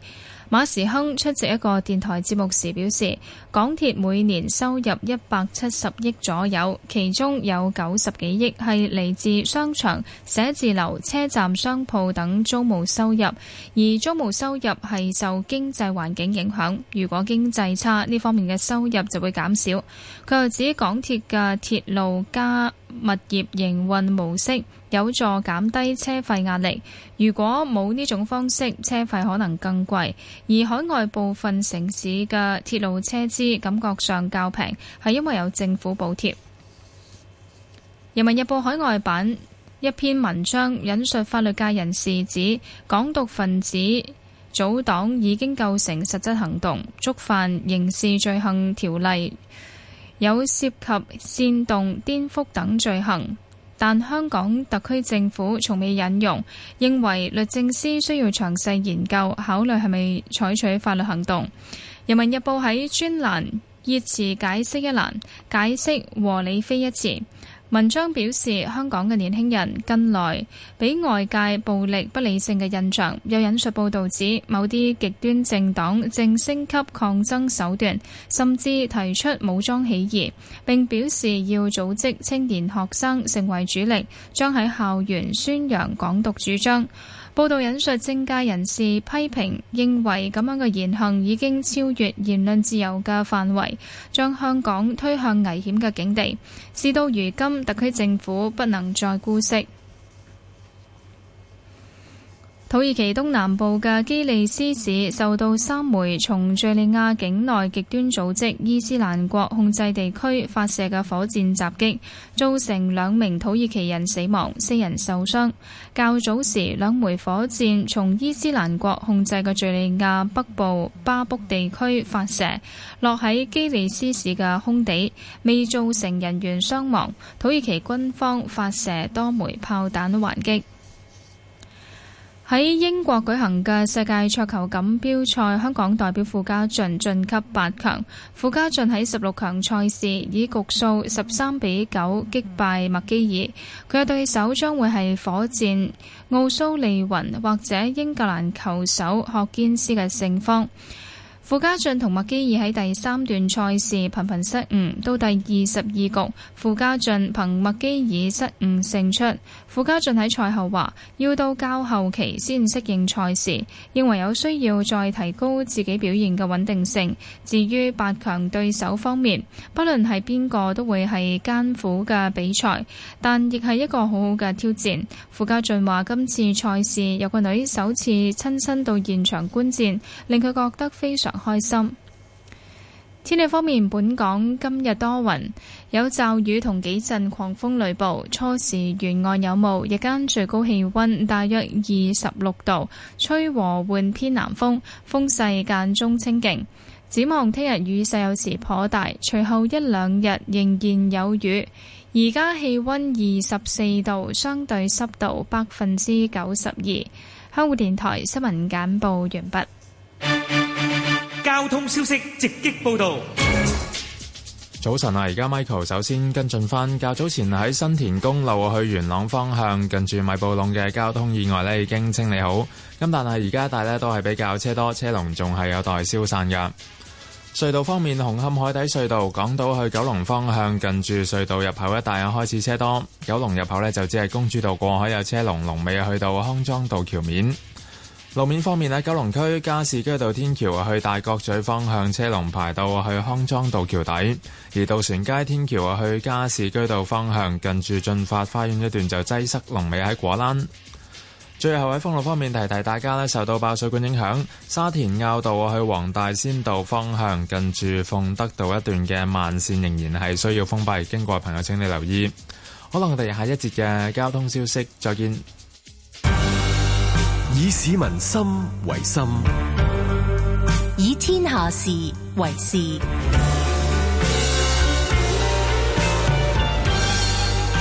馬時亨出席一個電台節目時表示，港鐵每年收入一百七十億左右，其中有九十幾億係嚟自商場、寫字樓、車站、商鋪等租務收入，而租務收入係受經濟環境影響，如果經濟差，呢方面嘅收入就會減少。佢又指港鐵嘅鐵路加物業營運模式，有助減低車費壓力。如果冇呢種方式，車費可能更貴。而海外部分城市嘅鐵路車資感覺上較平，係因為有政府補貼。《人民日報》海外版一篇文章引述法律界人士指，港獨分子組黨已經構成實質行動，觸犯刑事罪行條例，有涉及煽動、顛覆等罪行。但香港特區政府從未引用，認為律政司需要詳細研究考慮係咪採取法律行動。《人民日報》喺專欄熱詞解釋一欄解釋和理非一詞。文章表示，香港嘅年輕人近來俾外界暴力不理性嘅印象。有引述報道指，某啲極端政黨正升級抗爭手段，甚至提出武裝起義，並表示要組織青年學生成為主力，將喺校園宣揚港獨主張。報道引述政界人士批評，認為咁樣嘅言行已經超越言論自由嘅範圍，將香港推向危險嘅境地。事到如今。特區政府不能再姑息。土耳其東南部嘅基利斯市受到三枚從敘利亞境內極端組織伊斯蘭國控制地區發射嘅火箭襲擊，造成兩名土耳其人死亡、四人受傷。較早時，兩枚火箭從伊斯蘭國控制嘅敘利亞北部巴卜地區發射，落喺基利斯市嘅空地，未造成人員傷亡。土耳其軍方發射多枚炮彈還擊。喺英國舉行嘅世界桌球錦標賽，香港代表傅家俊晉級八強。傅家俊喺十六強賽事以局數十三比九擊敗麥基爾，佢嘅對手將會係火箭奧蘇利雲或者英格蘭球手霍堅斯嘅勝方。傅家俊同麥基爾喺第三段賽事頻頻失誤，到第二十二局，傅家俊憑麥基爾失誤勝出。傅家俊喺賽後話，要到較後期先適應賽事，認為有需要再提高自己表現嘅穩定性。至於八強對手方面，不論係邊個都會係艱苦嘅比賽，但亦係一個好好嘅挑戰。傅家俊話，今次賽事有個女首次親身到現場觀戰，令佢覺得非常開心。天氣方面，本港今日多雲。有驟雨同幾陣狂風雷暴，初時沿岸有霧，日間最高氣溫大約二十六度，吹和緩偏南風，風勢間中清勁。展望聽日雨勢有時頗大，隨後一兩日仍然有雨。而家氣溫二十四度，相對濕度百分之九十二。香港電台新聞簡報完畢。交通消息直擊報道。早晨啊！而家 Michael 首先跟進翻，較早前喺新田公路去元朗方向近住米埔路嘅交通意外呢已經清理好，咁但係而家一帶咧都係比較車多車龍，仲係有待消散噶。隧道方面，紅磡海底隧道港島去九龍方向近住隧道入口一帶開始車多，九龍入口呢就只係公主道過海有車龍，龍尾去到康莊道橋面。路面方面，喺九龍區加士居道天橋去大角咀方向，車龍排到去康莊道橋底；而渡船街天橋去加士居道方向，近住駿發花園一段就擠塞龍尾喺果欄。最後喺封路方面提提大家咧，受到爆水管影響，沙田坳道去黃大仙道方向近住鳳德道一段嘅慢綫仍然係需要封閉，經過朋友請你留意。好啦，我哋下一節嘅交通消息再見。以市民心為心，以天下事為事。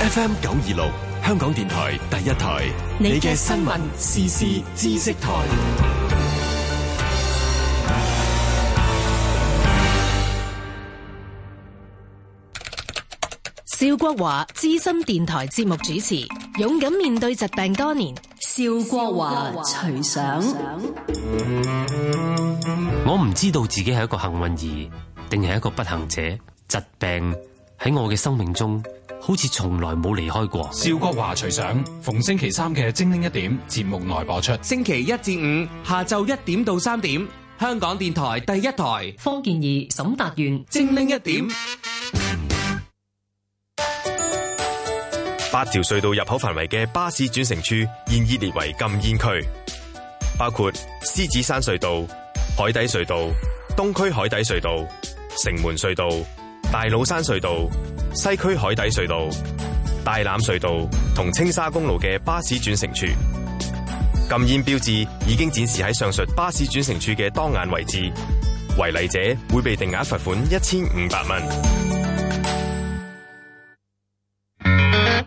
FM 九二六，香港電台第一台，你嘅的 新聞、時事、知識台。邵國華，資深電台節目主持，勇敢面對疾病多年。邵國華隨想，徐上我唔知道自己係一個幸運兒，定係一個不幸者。疾病喺我嘅生命中，好似從來冇離開過。邵國華隨想，逢星期三嘅精靈一點節目內播出，星期一至五下晝一點到三點，香港電台第一台。方健儀沈達元，精靈一點。八條隧道入口範圍嘅巴士轉乘處現已列為禁煙區，包括獅子山隧道、海底隧道、東區海底隧道、城門隧道、大老山隧道、西區海底隧道、大欖隧道同青沙公路嘅巴士轉乘處。禁煙標誌已經展示喺上述巴士轉乘處嘅當眼位置，違例者會被定額罰款一千五百蚊。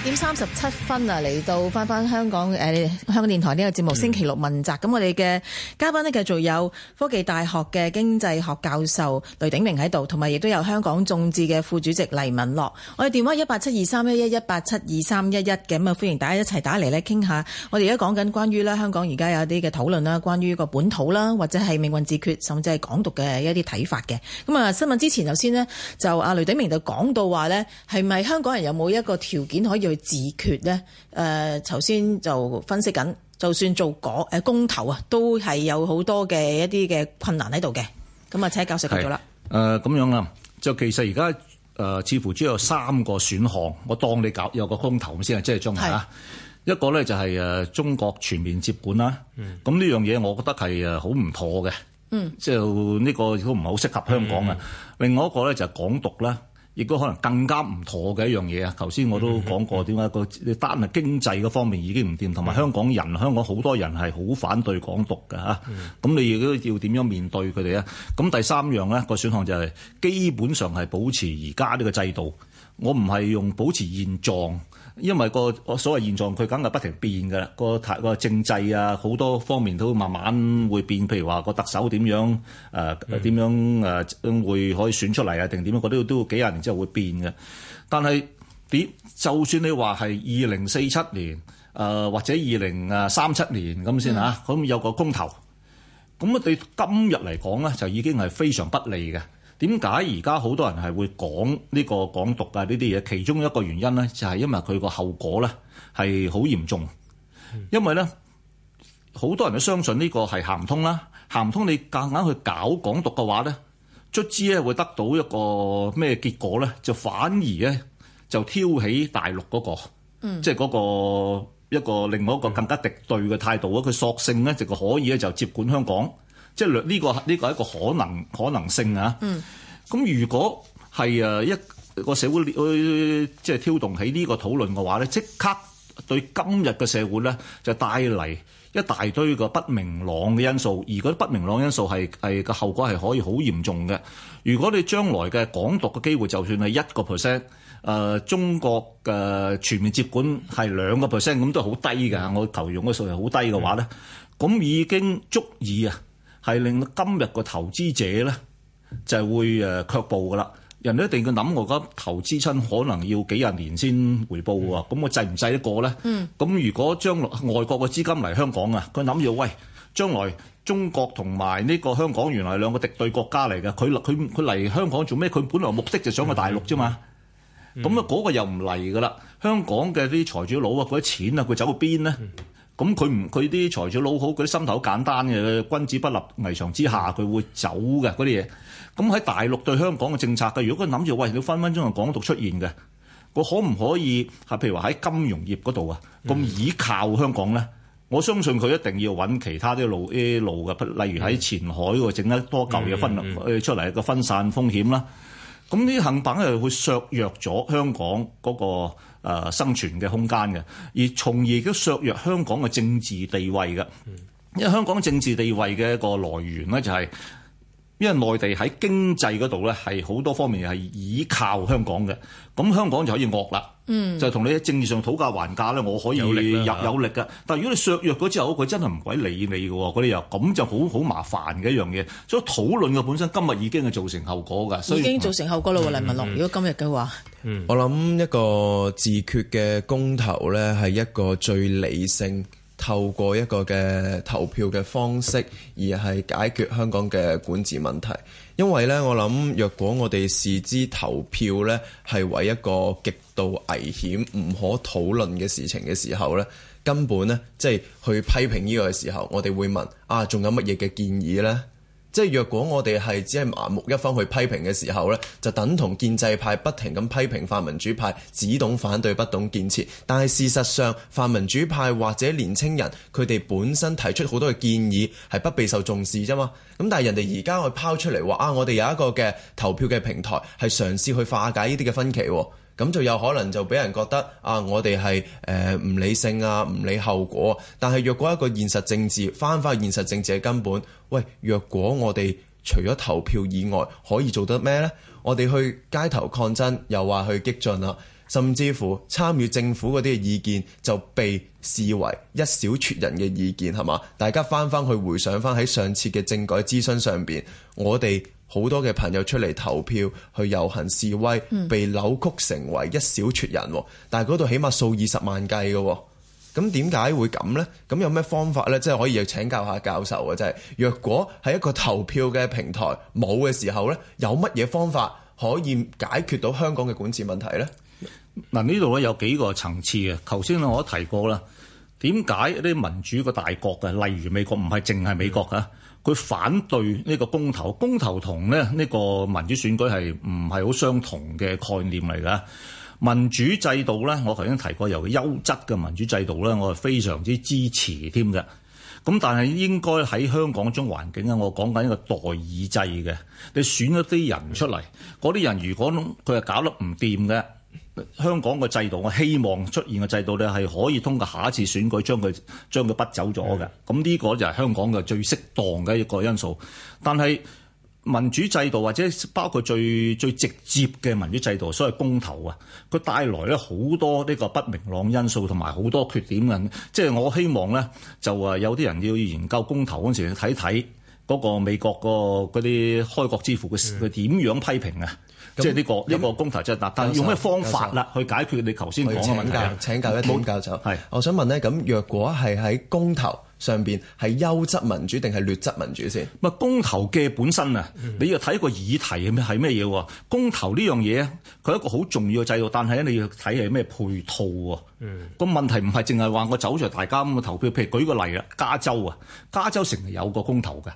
八點三十七分啊，嚟到翻翻香港誒、呃、香港電台呢個節目《嗯、星期六問責》。咁我哋嘅嘉賓咧繼續有科技大學嘅經濟學教授雷鼎鳴喺度，同埋亦都有香港眾志嘅副主席黎汶洛。我哋電話一八七二三一一一八七二三一一嘅，咁啊，歡迎大家一齊打嚟呢，傾下我哋而家講緊關於呢香港而家有一啲嘅討論啦，關於個本土啦，或者係命運自決，甚至係港獨嘅一啲睇法嘅。咁啊，新聞之前頭先呢，就阿雷鼎鳴就講到話呢，係咪香港人有冇一個條件可以？去自決咧，誒頭先就分析緊，就算做港、呃、公投啊，都係有好多嘅一啲嘅困難喺度嘅。咁啊，請教授繼續啦。誒咁、呃、樣啊，就其實而家誒似乎只有三個選項。我當你搞有個公投先啊，即係將嚇一個咧就係、是、誒中國全面接管啦。咁呢、嗯、樣嘢，我覺得係誒好唔妥嘅。嗯，就呢個都唔係好適合香港啊。嗯、另外一個咧就係港獨啦。亦都可能更加唔妥嘅一樣嘢啊！頭先我都講過，點解個單係經濟嗰方面已經唔掂，同埋香港人香港好多人係好反對港獨㗎吓，咁、mm hmm. 你亦都要點樣面對佢哋咧？咁第三樣咧個選項就係、是、基本上係保持而家呢個制度，我唔係用保持現狀。因為個所謂現狀，佢梗係不停變噶啦，個個政制啊，好多方面都慢慢會變。譬如話個特首點樣，誒、呃、點樣誒會可以選出嚟啊？定點樣？嗰啲都幾廿年之後會變嘅。但係點？就算你話係二零四七年，誒、呃、或者二零誒三七年咁先嚇，咁有個公投，咁啊對今日嚟講咧，就已經係非常不利嘅。點解而家好多人係會講呢個港獨啊呢啲嘢？其中一個原因咧，就係因為佢個後果咧係好嚴重，因為咧好多人都相信呢個係行唔通啦。行唔通，你夾硬去搞港獨嘅話咧，卒之咧會得到一個咩結果咧？就反而咧就挑起大陸嗰個，嗯、即係嗰個一個另外一個更加敵對嘅態度啊！佢索性咧，就可以咧就接管香港。即係呢個呢個一個可能可能性啊。咁、嗯、如果係誒一個社會即係挑動起呢個討論嘅話咧，即刻對今日嘅社會咧就帶嚟一大堆個不明朗嘅因素。而嗰啲不明朗因素係係個後果係可以好嚴重嘅。如果你將來嘅港獨嘅機會，就算係一個 percent，誒中國嘅全面接管係兩個 percent，咁都係好低㗎。我投用嘅數係好低嘅話咧，咁、嗯、已經足以啊。係令到今日個投資者咧，就係會誒卻步噶啦。人哋一定要諗，我覺得投資親可能要幾廿年先回報喎。咁、嗯、我制唔制得過咧？咁、嗯、如果將來外國嘅資金嚟香港啊，佢諗住喂，將來中國同埋呢個香港原來兩個敵對國家嚟嘅，佢佢佢嚟香港做咩？佢本來目的就想去大陸啫嘛。咁啊、嗯，嗰、嗯、個又唔嚟噶啦。香港嘅啲財主佬啊，嗰啲錢啊，佢走去邊咧？嗯咁佢唔佢啲財主佬好，佢啲心頭好簡單嘅，君子不立危牆之下，佢會走嘅嗰啲嘢。咁喺大陸對香港嘅政策嘅，如果佢諗住喂，你分分鐘係港獨出現嘅，佢可唔可以係譬如話喺金融業嗰度啊，咁倚靠香港咧？嗯、我相信佢一定要揾其他啲路啲路嘅，例如喺前海喎整得多舊嘢分嗯嗯嗯出嚟，個分散風險啦。咁呢啲行品係會削弱咗香港嗰、嗰個。誒、呃，生存嘅空間嘅，而從而都削弱香港嘅政治地位嘅，因為香港政治地位嘅一個來源咧就係、是。因為內地喺經濟嗰度咧，係好多方面係倚靠香港嘅，咁香港就可以惡啦，嗯、就同你喺政治上討價還價咧，我可以入有力嘅。但係如果你削弱咗之後，佢真係唔鬼理你嘅，佢哋又咁就好好麻煩嘅一樣嘢。所以討論嘅本身今日已經係造成後果㗎，所以已經造成後果啦，黎汶洛。嗯、如果今日嘅話，嗯、我諗一個自決嘅公投咧，係一個最理性。透過一個嘅投票嘅方式而係解決香港嘅管治問題，因為呢，我諗若果我哋視之投票呢，係為一個極度危險、唔可討論嘅事情嘅時候呢，根本呢，即係去批評呢個嘅時候，我哋會問啊，仲有乜嘢嘅建議呢？即係若果我哋係只係麻木一方去批評嘅時候呢，就等同建制派不停咁批評泛民主派，只懂反對，不懂建設。但係事實上，泛民主派或者年青人佢哋本身提出好多嘅建議係不備受重視啫嘛。咁但係人哋而家去拋出嚟話啊，我哋有一個嘅投票嘅平台，係嘗試去化解呢啲嘅分歧。咁就有可能就俾人覺得啊，我哋係誒唔理性啊，唔理後果。但係若果一個現實政治，翻返去現實政治嘅根本，喂，若果我哋除咗投票以外可以做得咩呢？我哋去街頭抗爭，又話去激進啦，甚至乎參與政府嗰啲嘅意見就被視為一小撮人嘅意見係嘛？大家翻返去回想翻喺上次嘅政改諮詢上邊，我哋。好多嘅朋友出嚟投票、去遊行示威，嗯、被扭曲成為一小撮人，但係嗰度起碼數二十萬計嘅，咁點解會咁呢？咁有咩方法呢？即係可以去請教下教授啊！即係若果係一個投票嘅平台冇嘅時候呢，有乜嘢方法可以解決到香港嘅管治問題呢？嗱，呢度咧有幾個層次啊。頭先咧我提過啦，點解啲民主嘅大國啊，例如美國，唔係淨係美國啊。佢反對呢個公投，公投同咧呢個民主選舉係唔係好相同嘅概念嚟㗎？民主制度咧，我頭先提過，尤其優質嘅民主制度咧，我係非常之支持添㗎。咁但係應該喺香港種環境咧，我講緊一個代議制嘅，你選咗啲人出嚟，嗰啲人如果佢係搞得唔掂嘅。香港嘅制度，我希望出現嘅制度咧，係可以通過下一次選舉將佢將佢畢走咗嘅。咁呢個就係香港嘅最適當嘅一個因素。但係民主制度或者包括最最直接嘅民主制度，所謂公投啊，佢帶來咧好多呢個不明朗因素同埋好多缺點嘅。即係我希望咧，就話有啲人要研究公投嗰陣時去睇睇嗰個美國個嗰啲開國之父佢佢點樣批評啊。即係呢個呢個公投，即係單用咩方法啦去解決你頭先講嘅問題？請教一請教就係，別我想問咧，咁若果係喺公投上邊係優質民主定係劣質民主先？啊，公投嘅本身啊，你要睇個議題係咩嘢？公投呢樣嘢啊，佢一個好重要嘅制度，但係咧你要睇係咩配套喎？個問題唔係淨係話我走咗大家咁嘅投票，譬如舉個例啊，加州啊，加州成日有個公投嘅，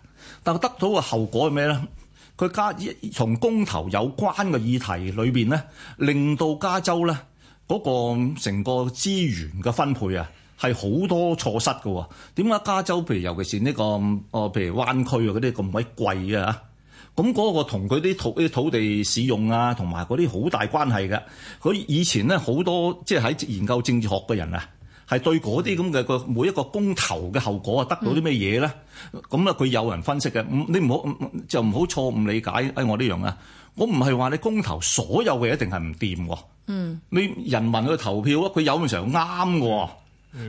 但係得到嘅後果係咩咧？佢加一從公投有關嘅議題裏邊咧，令到加州咧嗰個成個資源嘅分配啊、哦，係好多錯失嘅喎。點解加州譬如尤其是呢、呢個哦譬、呃、如灣區啊嗰啲咁鬼貴啊嚇，咁、嗰、嗰個同佢啲土啲土地使用啊，同埋嗰啲好大關係嘅。佢以前咧好多即係喺研究政治學嘅人啊。係對嗰啲咁嘅個每一個公投嘅後果啊，得到啲咩嘢咧？咁啊、嗯，佢有人分析嘅，咁你唔好就唔好錯誤理解。哎，我呢樣啊，我唔係話你公投所有嘅一定係唔掂喎。嗯，你人民嘅投票啊，佢有嘅時候啱嘅，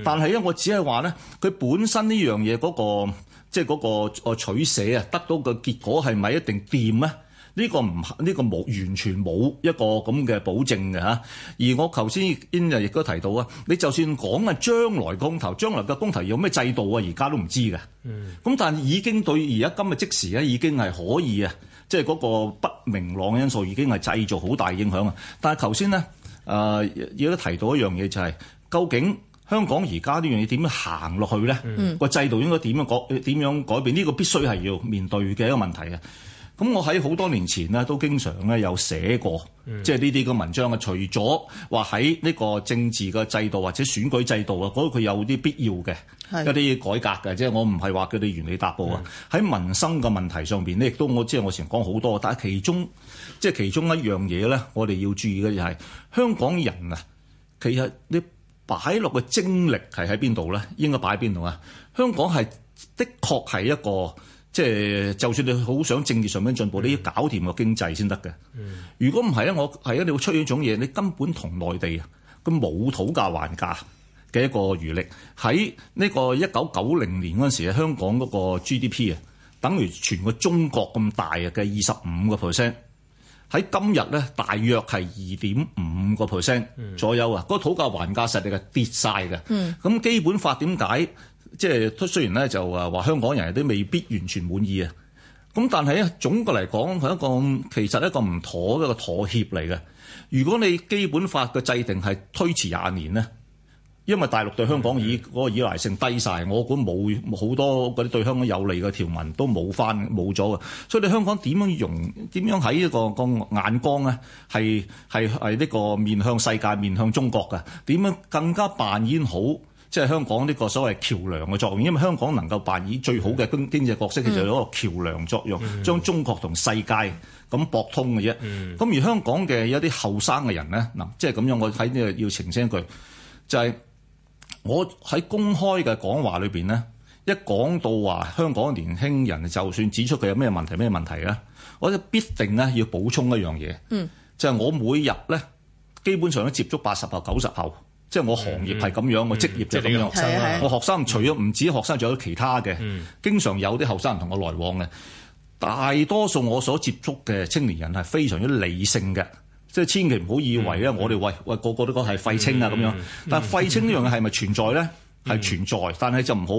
但係因為我只係話咧，佢本身呢樣嘢嗰個即係嗰個取捨啊，得到嘅結果係咪一定掂咧？呢、這個唔呢、這個冇完全冇一個咁嘅保證嘅嚇，而我頭先亦都提到啊，你就算講啊將來公投，將來嘅公投有咩制度啊？而家都唔知嘅。嗯。咁但係已經對而家今日即時咧，已經係可以啊，即係嗰個不明朗因素已經係製造好大影響啊！但係頭先咧，誒亦都提到一樣嘢、就是，就係究竟香港而家呢樣嘢點行落去咧？嗯。個制度應該點樣改？點樣改變？呢、這個必須係要面對嘅一個問題啊！咁我喺好多年前咧，都經常咧有寫過，嗯、即係呢啲嘅文章啊。除咗話喺呢個政治嘅制度或者選舉制度啊，覺得佢有啲必要嘅，是有啲改革嘅，即係我唔係話佢哋原理踏步啊。喺是民生嘅問題上邊咧，亦都即我即係我之前講好多，但係其中即係其中一樣嘢咧，我哋要注意嘅就係香港人啊，其實你擺落嘅精力係喺邊度咧？應該擺喺邊度啊？香港係的確係一個。即係、就是、就算你好想政治上面進步，你要搞掂個經濟先得嘅。如果唔係咧，我係啊，你會出現一種嘢，你根本同內地啊，咁冇討價還價嘅一個餘力。喺呢個一九九零年嗰陣時香港嗰個 GDP 啊，等於全個中國咁大嘅二十五個 percent。喺今日咧，大約係二點五個 percent 左右啊，個、嗯、討價還價實力係跌晒嘅。咁基本法點解？即係都雖然咧，就話話香港人都未必完全滿意啊。咁但係咧，總嘅嚟講係一個其實一個唔妥嘅一個妥協嚟嘅。如果你基本法嘅制定係推遲廿年呢，因為大陸對香港以嗰個依賴性低晒，的我估冇好多嗰啲對香港有利嘅條文都冇翻冇咗嘅。所以你香港點樣容點樣喺一個個眼光咧，係係係呢個面向世界、面向中國嘅點樣更加扮演好？即係香港呢個所謂橋梁嘅作用，因為香港能夠扮演最好嘅經經濟角色，嗯、其實有個橋梁作用，嗯、將中國同世界咁博通嘅啫。咁、嗯、而香港嘅一啲後生嘅人咧，嗱，即係咁樣，我喺呢度要澄清一句，就係、是、我喺公開嘅講話裏邊咧，一講到話香港年輕人，就算指出佢有咩問題，咩問題咧，我就必定咧要補充一樣嘢，就係、是、我每日咧基本上都接觸八十後、九十後。即係我行業係咁樣，我、嗯、職業就係咁樣。我學生除咗唔止學生，仲有其他嘅，嗯、經常有啲後生人同我來往嘅。大多數我所接觸嘅青年人係非常之理性嘅，即係千祈唔好以為咧，我哋、嗯、喂喂個個都講係廢青啊咁樣。但係廢青呢樣嘢係咪存在咧？係存在，嗯、但係就唔好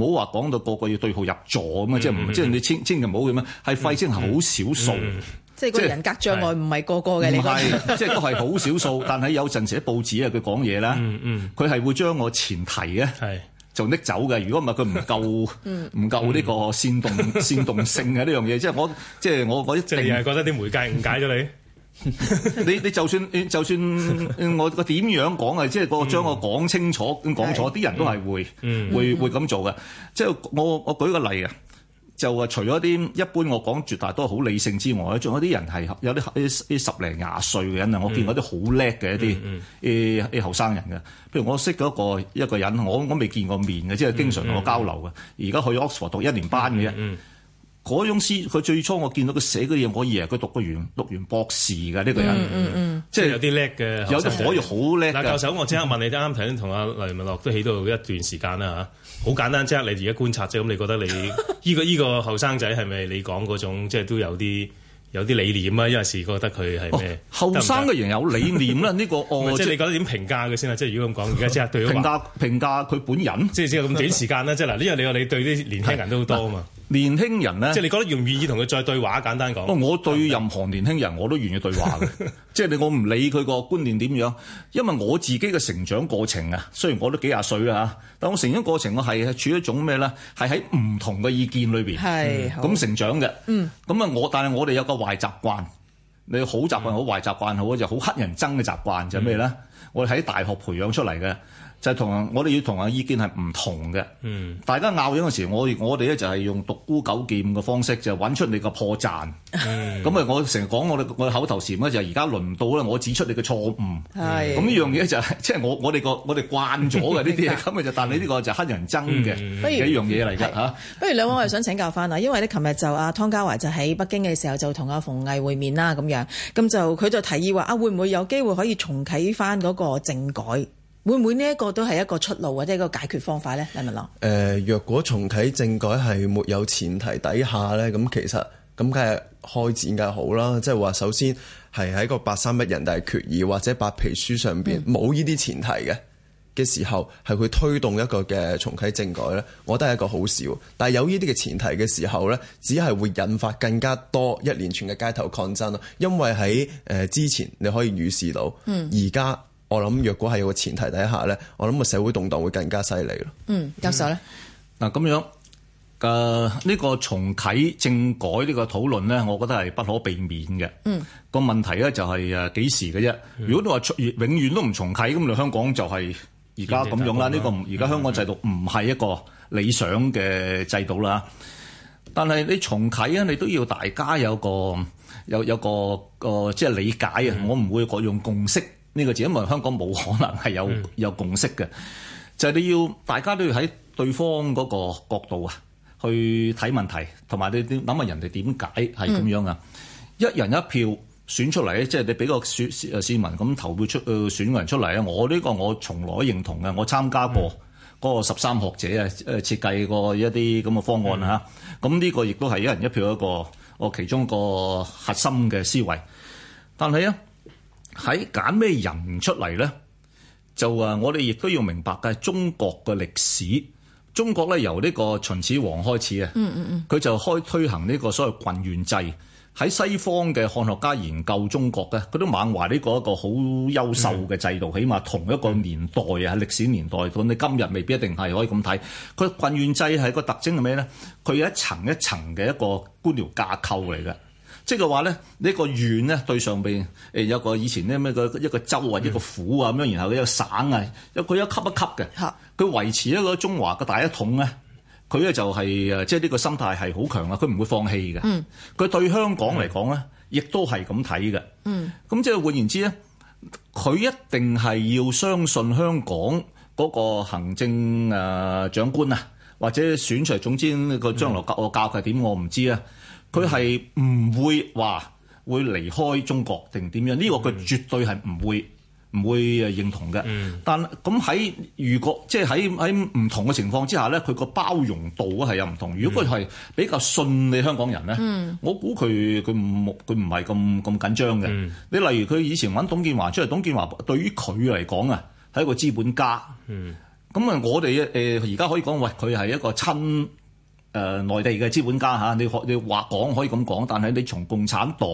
唔好話講到個個要對號入座咁啊！嗯嗯、即係即係你千千祈唔好咁啊！係廢青係好少數。嗯嗯嗯嗯即係個人格障礙唔係個個嘅，唔係即係都係好少數。但係有陣時喺報紙啊，佢講嘢咧，佢係會將我前提咧就拎走嘅。如果唔係，佢唔夠唔夠呢個煽動煽動性嘅呢樣嘢。即係我即係我嗰啲，你係覺得啲媒介誤解咗你？你你就算就算我個點樣講啊，即係我將我講清楚講錯，啲人都係會會會咁做嘅。即係我我舉個例啊。就話除咗啲一,一般我，我講絕大多好理性之外，仲有啲人係有啲啲十零廿歲嘅人啊！嗯、我見到啲好叻嘅一啲，誒啲後生人嘅。譬如我識咗一個一個人，我我未見過面嘅，即係經常同我交流嘅。而家、嗯嗯、去 Oxford 讀一年班嘅啫，嗰種思，佢、嗯、最初我見到佢寫嗰啲嘢可以啊，佢讀過完讀完博士嘅呢、呢個人，嗯嗯嗯嗯、即係有啲叻嘅，有啲可以好叻。教授，我即刻問你啱啱睇咧，同阿黎汶洛都起到一段時間啦嚇。好簡單啫，你而家觀察啫，咁你覺得你呢、 呢個依、呢個後生仔係咪你講嗰種即係都有啲有啲理念啊？因為係覺得佢係咩後生嘅人有理念啦，呢、 呢個案，哦、是即係你覺得點評價佢先啦？即係 如果咁講而家即係對評價評價佢本人，即係只係咁短時間啦。即係嗱，呢個你話你對啲年輕人都好多啊嘛。 年輕人咧，即係你覺得願唔願意同佢再對話，簡單講。我對任何年輕人 我都願意對話嘅，即係你我唔理佢個觀念點樣，因為我自己嘅成長過程啊，雖然我都幾廿歲啊，但我成長過程我係處於一種咩咧，係喺唔同嘅意見裏邊，咁是、嗯、成長嘅。咁啊好，嗯、但我但係我哋有個壞習慣，你好習慣好壞習慣好，就好乞人憎嘅習慣就係咩咧？嗯、我哋喺大學培養出嚟嘅。就係同我哋要同阿意見係唔同嘅。嗯，大家拗嗰陣時，我我哋咧就係用獨孤九劍嘅方式，就揾出你個破綻。咁啊，我成日講我哋我嘅口頭禪咧，就係而家輪到啦，我指出你嘅錯誤。係咁，呢樣嘢就係即係我我哋個我哋慣咗嘅呢啲嘢。咁啊就但你呢個就乞人憎嘅幾樣嘢嚟嘅嚇。不如兩位，我係想請教翻啊，因為咧，琴日就阿湯家驊就喺北京嘅時候就同阿馮毅會面啦，咁樣咁就佢就提議話啊，會唔會有機會可以重啟翻嗰個政改？會唔會呢一個都係一個出路或者一個解決方法呢？黎汶洛，誒、呃，若果重啟政改係沒有前提底下呢，咁其實咁梗係開展梗係好啦，即係話首先係喺個八三一人大決議或者白皮書上邊冇呢啲前提嘅嘅時候，係會推動一個嘅重啟政改呢。我覺得係一個好事。但係有呢啲嘅前提嘅時候呢，只係會引發更加多一連串嘅街頭抗爭咯。因為喺誒、呃、之前你可以預示到，嗯，而家。我諗若果係有個前提底下咧，我諗個社會動蕩會更加犀利咯。嗯，教授咧，嗱咁、嗯、樣，誒、這、呢個重啟政改呢個討論咧，我覺得係不可避免嘅。嗯，個問題咧就係誒幾時嘅啫？嗯、如果你話永遠都唔重啟，咁嚟香港就係而家咁樣啦。呢個而家香港制度唔係一個理想嘅制度啦。嗯、但係你重啟啊，你都要大家有個有有個個、呃、即係理解啊。我唔會用共識，呢個字，因為香港冇可能係有有共識嘅。嗯、就係你要大家都要喺對方嗰個角度啊，去睇問題，同埋你點諗下人哋點解係咁樣啊？嗯、一人一票選出嚟，即係你俾個選誒市民咁投票出誒、呃、選人出嚟咧。我呢個我從來都認同嘅，我參加過嗰個十三學者啊誒設計過一啲咁嘅方案嚇，咁呢、嗯啊、個亦都係一人一票一個我其中一個核心嘅思維，但係啊。喺揀咩人出嚟咧？就啊，我哋亦都要明白嘅中國嘅歷史。中國咧由呢個秦始皇開始啊，佢、嗯嗯、就開推行呢個所謂郡縣制。喺西方嘅漢學家研究中國嘅，佢都猛話呢個一個好優秀嘅制度，嗯、起碼同一個年代啊，歷史年代。到你今日未必一定係可以咁睇。佢郡縣制係個特徵係咩咧？佢有一層一層嘅一個官僚架構嚟嘅。即係話咧，呢個縣咧對上邊誒有個以前咧咩個一個州或者一個府啊咁樣，然後呢個省啊，嗯、有佢一級一級嘅。嚇佢維持一個中華嘅大一統咧，佢咧就係誒即係呢個心態係好強啦，佢唔會放棄嘅。嗯，佢對香港嚟講咧，嗯、亦都係咁睇嘅。嗯，咁即係換言之咧，佢一定係要相信香港嗰個行政誒、呃、長官啊，或者選出，總之個將來個教佢點，我唔知啊。佢係唔會話會離開中國定點樣？呢個佢絕對係唔會唔會誒認同嘅。嗯、但咁喺如果即係喺喺唔同嘅情況之下咧，佢個包容度係有唔同。如果佢係比較信你香港人咧，嗯、我估佢佢唔佢唔係咁咁緊張嘅。嗯、你例如佢以前揾董建華出嚟，即係董建華對於佢嚟講啊，係一個資本家。咁啊、嗯，我哋誒而家可以講喂，佢係一個親。誒，內地嘅資本家嚇，你學你話講可以咁講，但係你從共產黨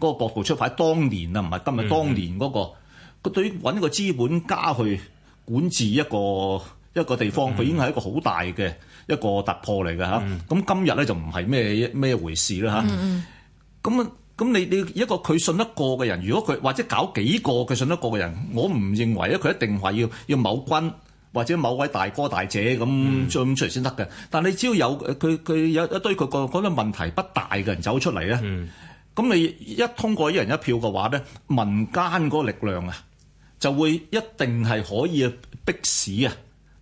嗰個角度出發，當年啊，唔係今日，當年嗰、那個，佢、嗯、對於揾個資本家去管治一個一個地方，佢已經係一個好大嘅一個突破嚟嘅嚇。咁、嗯、今日咧就唔係咩咩回事啦嚇。咁啊、嗯，咁你你一個佢信得過嘅人，如果佢或者搞幾個佢信得過嘅人，我唔認為咧，佢一定話要要某君。或者某位大哥大姐咁出咁出嚟先得嘅，但係你只要有佢佢有一堆佢覺覺得問題不大嘅人走出嚟咧，咁、嗯、你一通過一人一票嘅話咧，民間嗰個力量啊，就會一定係可以逼使啊，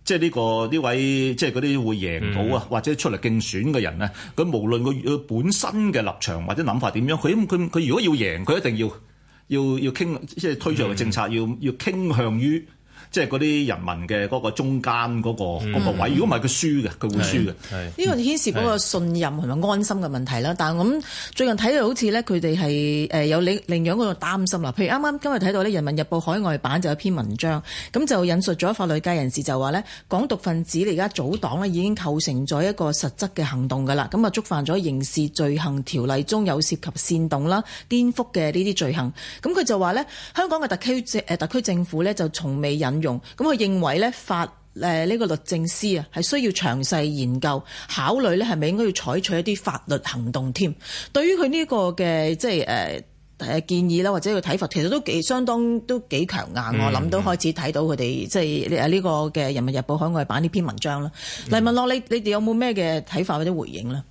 即係呢個呢、這個、位即係嗰啲會贏到啊，嗯、或者出嚟競選嘅人咧，佢無論佢佢本身嘅立場或者諗法點樣，佢佢佢如果要贏，佢一定要要要傾即係推進嘅政策，要要傾向於。即係嗰啲人民嘅嗰個中間嗰個位，如果唔係佢輸嘅，佢會輸嘅。呢、嗯、個牽涉嗰個信任同埋安心嘅問題啦。但係我最近睇到好似呢，佢哋係誒有領領養嗰度擔心啦。譬如啱啱今日睇到呢《人民日報》海外版就有一篇文章，咁就引述咗法律界人士就話呢港獨分子而家組黨咧已經構成咗一個實質嘅行動㗎啦。咁啊觸犯咗刑事罪行條例中有涉及煽動啦、顛覆嘅呢啲罪行。咁佢就話呢香港嘅特區政特區政府呢，就從未引用咁佢認為咧，法誒呢個律政司啊，係需要詳細研究考慮咧，係咪應該要採取一啲法律行動？添對於佢呢個嘅即係誒誒建議啦，或者個睇法，其實都幾相當都幾強硬。嗯、我諗都開始睇到佢哋即係呢、呃這個嘅《人民日報海外版》呢篇文章啦。黎汶洛，你你哋有冇咩嘅睇法或者回應呢？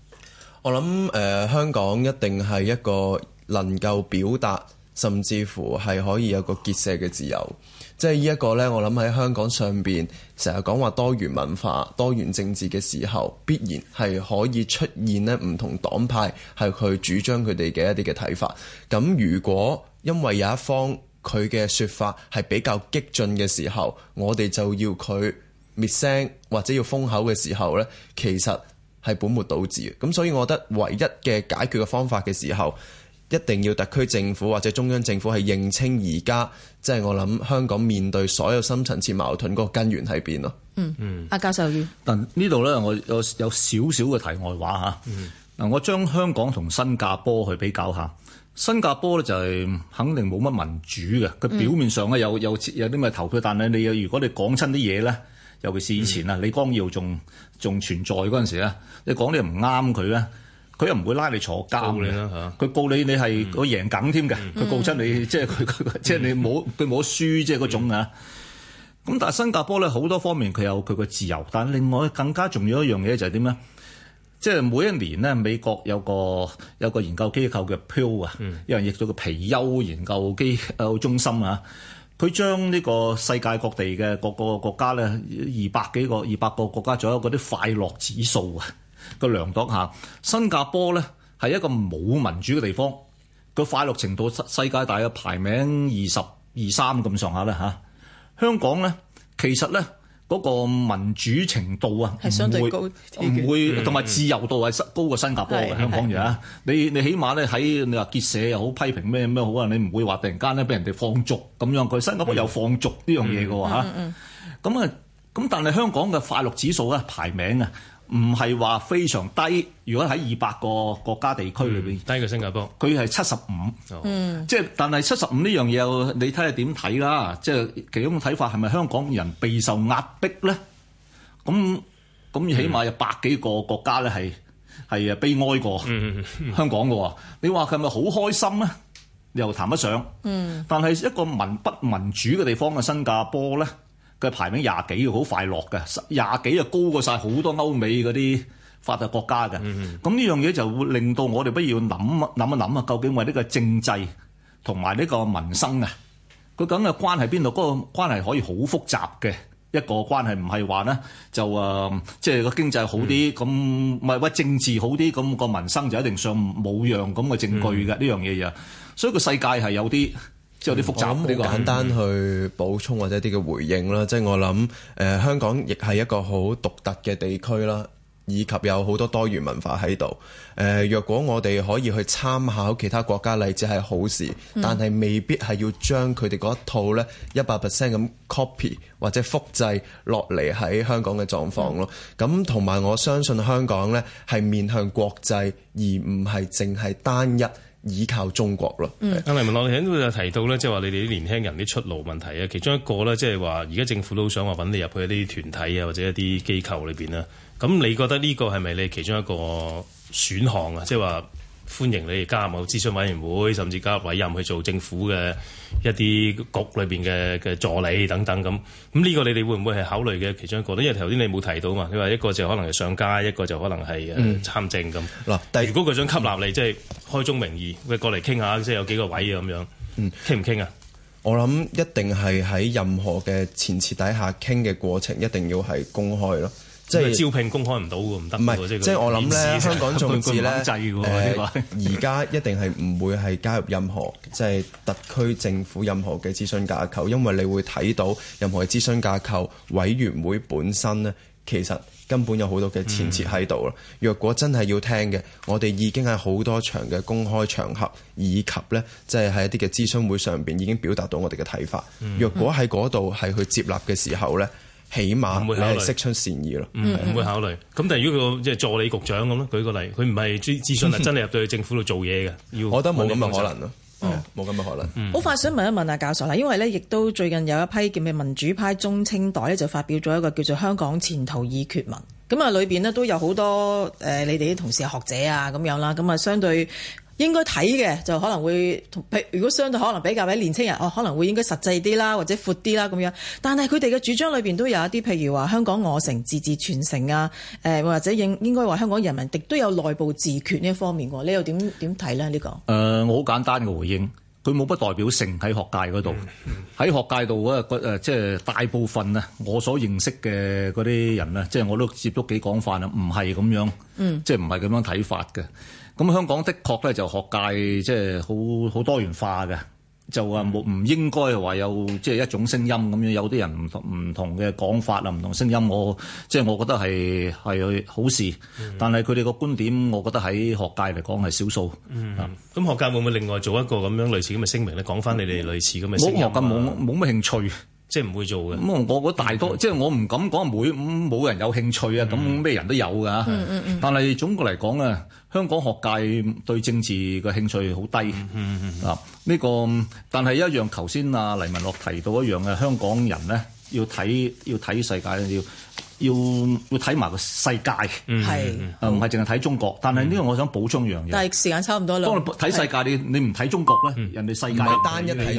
我諗誒、呃，香港一定係一個能夠表達，甚至乎係可以有個結社嘅自由。即係呢一個呢，我諗喺香港上面成日講話多元文化、多元政治嘅時候，必然係可以出現呢唔同黨派，係佢主張佢哋嘅一啲嘅睇法。咁如果因為有一方佢嘅説法係比較激進嘅時候，我哋就要佢滅聲或者要封口嘅時候呢，其實係本末倒置嘅。咁所以我覺得唯一嘅解決嘅方法嘅時候，一定要特區政府或者中央政府係認清而家。即係我諗香港面對所有深層次矛盾嗰個根源喺邊咯。嗯嗯，阿、啊、教授，但呢度咧，我我有少少嘅題外話嚇。嗱、嗯，我將香港同新加坡去比較下。新加坡咧就係肯定冇乜民主嘅。佢表面上咧有有有啲咪投票，但係你如果你講親啲嘢咧，尤其是以前啊，嗯、李光耀仲仲存在嗰陣時咧，你講啲唔啱佢咧。佢又唔會拉你坐監，佢告，告你你係個、嗯、贏梗添嘅，佢、嗯、告出你即係佢，嗯、即係你冇佢冇得輸即係嗰種啊！咁但係新加坡咧好多方面佢有佢個自由，但係另外更加重要一樣嘢就係點咧？即係每一年咧，美國有個有個研究機構叫 Pew 啊，一樣叫做個皮尤研究機構中心啊，佢將呢個世界各地嘅各個國家咧二百幾個二百個國家仲有嗰啲快樂指數啊！個量度下，新加坡咧係一個冇民主嘅地方。個快樂程度世界大約排名二十二三咁上下啦嚇。香港咧其實咧嗰個民主程度啊，係相對高，唔會同埋自由度係高過新加坡嘅、嗯嗯、香港嘅嚇。你你起碼咧喺你話結社又好批評咩咩好啊，你唔會話突然間咧俾人哋放逐咁樣。佢新加坡有放逐呢樣嘢㗎嚇。咁啊咁，但係香港嘅快樂指數咧排名啊。唔係話非常低，如果喺二百個國家地區裏邊、嗯，低過新加坡，佢係七十五。嗯，即係但係七十五呢樣嘢，你睇下點睇啦？即係其中嘅睇法係咪香港人備受壓迫咧？咁咁，起碼有百幾個國家咧係係誒悲哀過香港嘅喎。嗯嗯、你話佢係咪好開心咧？又談不上。嗯。但係一個民不民主嘅地方嘅新加坡咧？排名廿幾好快樂嘅，廿幾啊，高過晒好多歐美嗰啲發達國家嘅。咁呢、mm hmm. 樣嘢就會令到我哋不如諗一諗一諗啊，究竟為呢個政制同埋呢個民生啊，佢咁嘅關係邊度？嗰個關係可以好複雜嘅一個關係，唔係話咧就誒、呃，即係個經濟好啲，咁咪話政治好啲，咁個民生就一定上冇樣咁嘅證據嘅呢、mm hmm. 樣嘢啊。所以個世界係有啲。有啲複雜，咁簡單去補充或者啲嘅回應啦。即係、嗯、我諗，誒、呃、香港亦係一個好獨特嘅地區啦，以及有好多多元文化喺度。誒、呃，若果我哋可以去參考其他國家例子，係好事，嗯、但係未必係要將佢哋嗰一套呢一百 percent 咁 copy 或者複製落嚟喺香港嘅狀況咯。咁同埋我相信香港呢係面向國際，而唔係淨係單一，倚靠中國咯。阿黎汶洛，你喺度有提到咧，即係話你哋啲年輕人啲出路問題啊。其中一個咧，即係話而家政府都想話揾你入去一啲團體啊，或者一啲機構裏邊咧。咁你覺得呢個係咪你係其中一個選項啊？即係話。歡迎你哋加入某諮詢委員會，甚至加入委任去做政府嘅一啲局裏邊嘅嘅助理等等咁。咁呢個你哋會唔會係考慮嘅其中一個咧？因為頭先你冇提到嘛，佢話一個就可能係上街，一個就可能係參政咁。嗱、嗯，如果佢想吸納你，即係開宗明義，喂過嚟傾下，即係有幾個位咁樣。談談嗯，傾唔傾啊？我諗一定係喺任何嘅前設底下傾嘅過程，一定要係公開咯。即係招聘公開唔到，唔得。唔係，不即係是我諗咧，香港政治咧，誒，而家一定係唔會係加入任何即係、就是、特區政府任何嘅諮詢架構，因為你會睇到任何諮詢架構委員會本身咧，其實根本有好多嘅前設喺度啦。若、嗯、果真係要聽嘅，我哋已經喺好多場嘅公開場合，以及咧，即係喺一啲嘅諮詢會上邊已經表達到我哋嘅睇法。若、嗯、果喺嗰度係去接納嘅時候咧。起碼唔會考慮識出善意咯，唔、嗯的嗯、會考慮。咁但係如果個即係助理局長咁咧，舉個例，佢唔係尊諮詢真係入到去政府度做嘢嘅， 要我覺得冇咁嘅可能咯。哦，冇咁嘅可能。好快想問一問啊，教授啦，因為咧亦都最近有一批叫咩民主派中青代咧，就發表咗一個叫做《香港前途決議文》。咁啊，裏邊呢都有好多誒、呃，你哋啲同事學者啊咁樣啦，咁啊相對。應該睇嘅就可能會，譬如果相對可能比較啲年青人，哦可能會應該實際啲啦，或者闊啲啦咁樣。但係佢哋嘅主張裏邊都有一啲，譬如話香港我城自治全城啊，誒、呃、或者應應該話香港人民亦都有內部自決呢一方面。你又點點睇咧？呢個、呃、我好簡單嘅回應，佢冇不代表性喺學界嗰度。喺、嗯嗯、學界度啊，誒即係大部分啊，我所認識嘅嗰啲人咧，即係我都接觸幾廣泛啊，唔係咁樣，樣嗯、即係唔係咁樣睇法嘅。咁香港的確咧就學界即係好好多元化嘅，就話冇唔應該話有即係一種聲音咁樣，有啲人唔同唔同嘅講法啊，唔同聲音，我即係我覺得係係好事。但係佢哋個觀點，我覺得喺學界嚟講係少數咁、嗯、是學界會唔會另外做一個咁樣類似咁嘅聲明咧？講翻你哋類似咁嘅、啊。冇學界冇冇乜興趣，即係唔會做嘅。咁我大多即係、嗯、我唔敢講唔冇人有興趣啊。咁咩、嗯、人都有㗎。嗯、是但係總括嚟講啊。香港學界對政治嘅興趣好低，嗯嗯嗯、啊呢個，但係一樣頭先啊黎汶洛提到一樣嘅香港人咧，要睇要睇世界，要要要睇埋個世界，係、嗯、啊，唔係淨係睇中國，嗯、但係呢個我想補充一樣嘢。但係時間差唔多啦。當睇世界，是你你唔睇中國咧，嗯、人哋世界、嗯、單一睇你。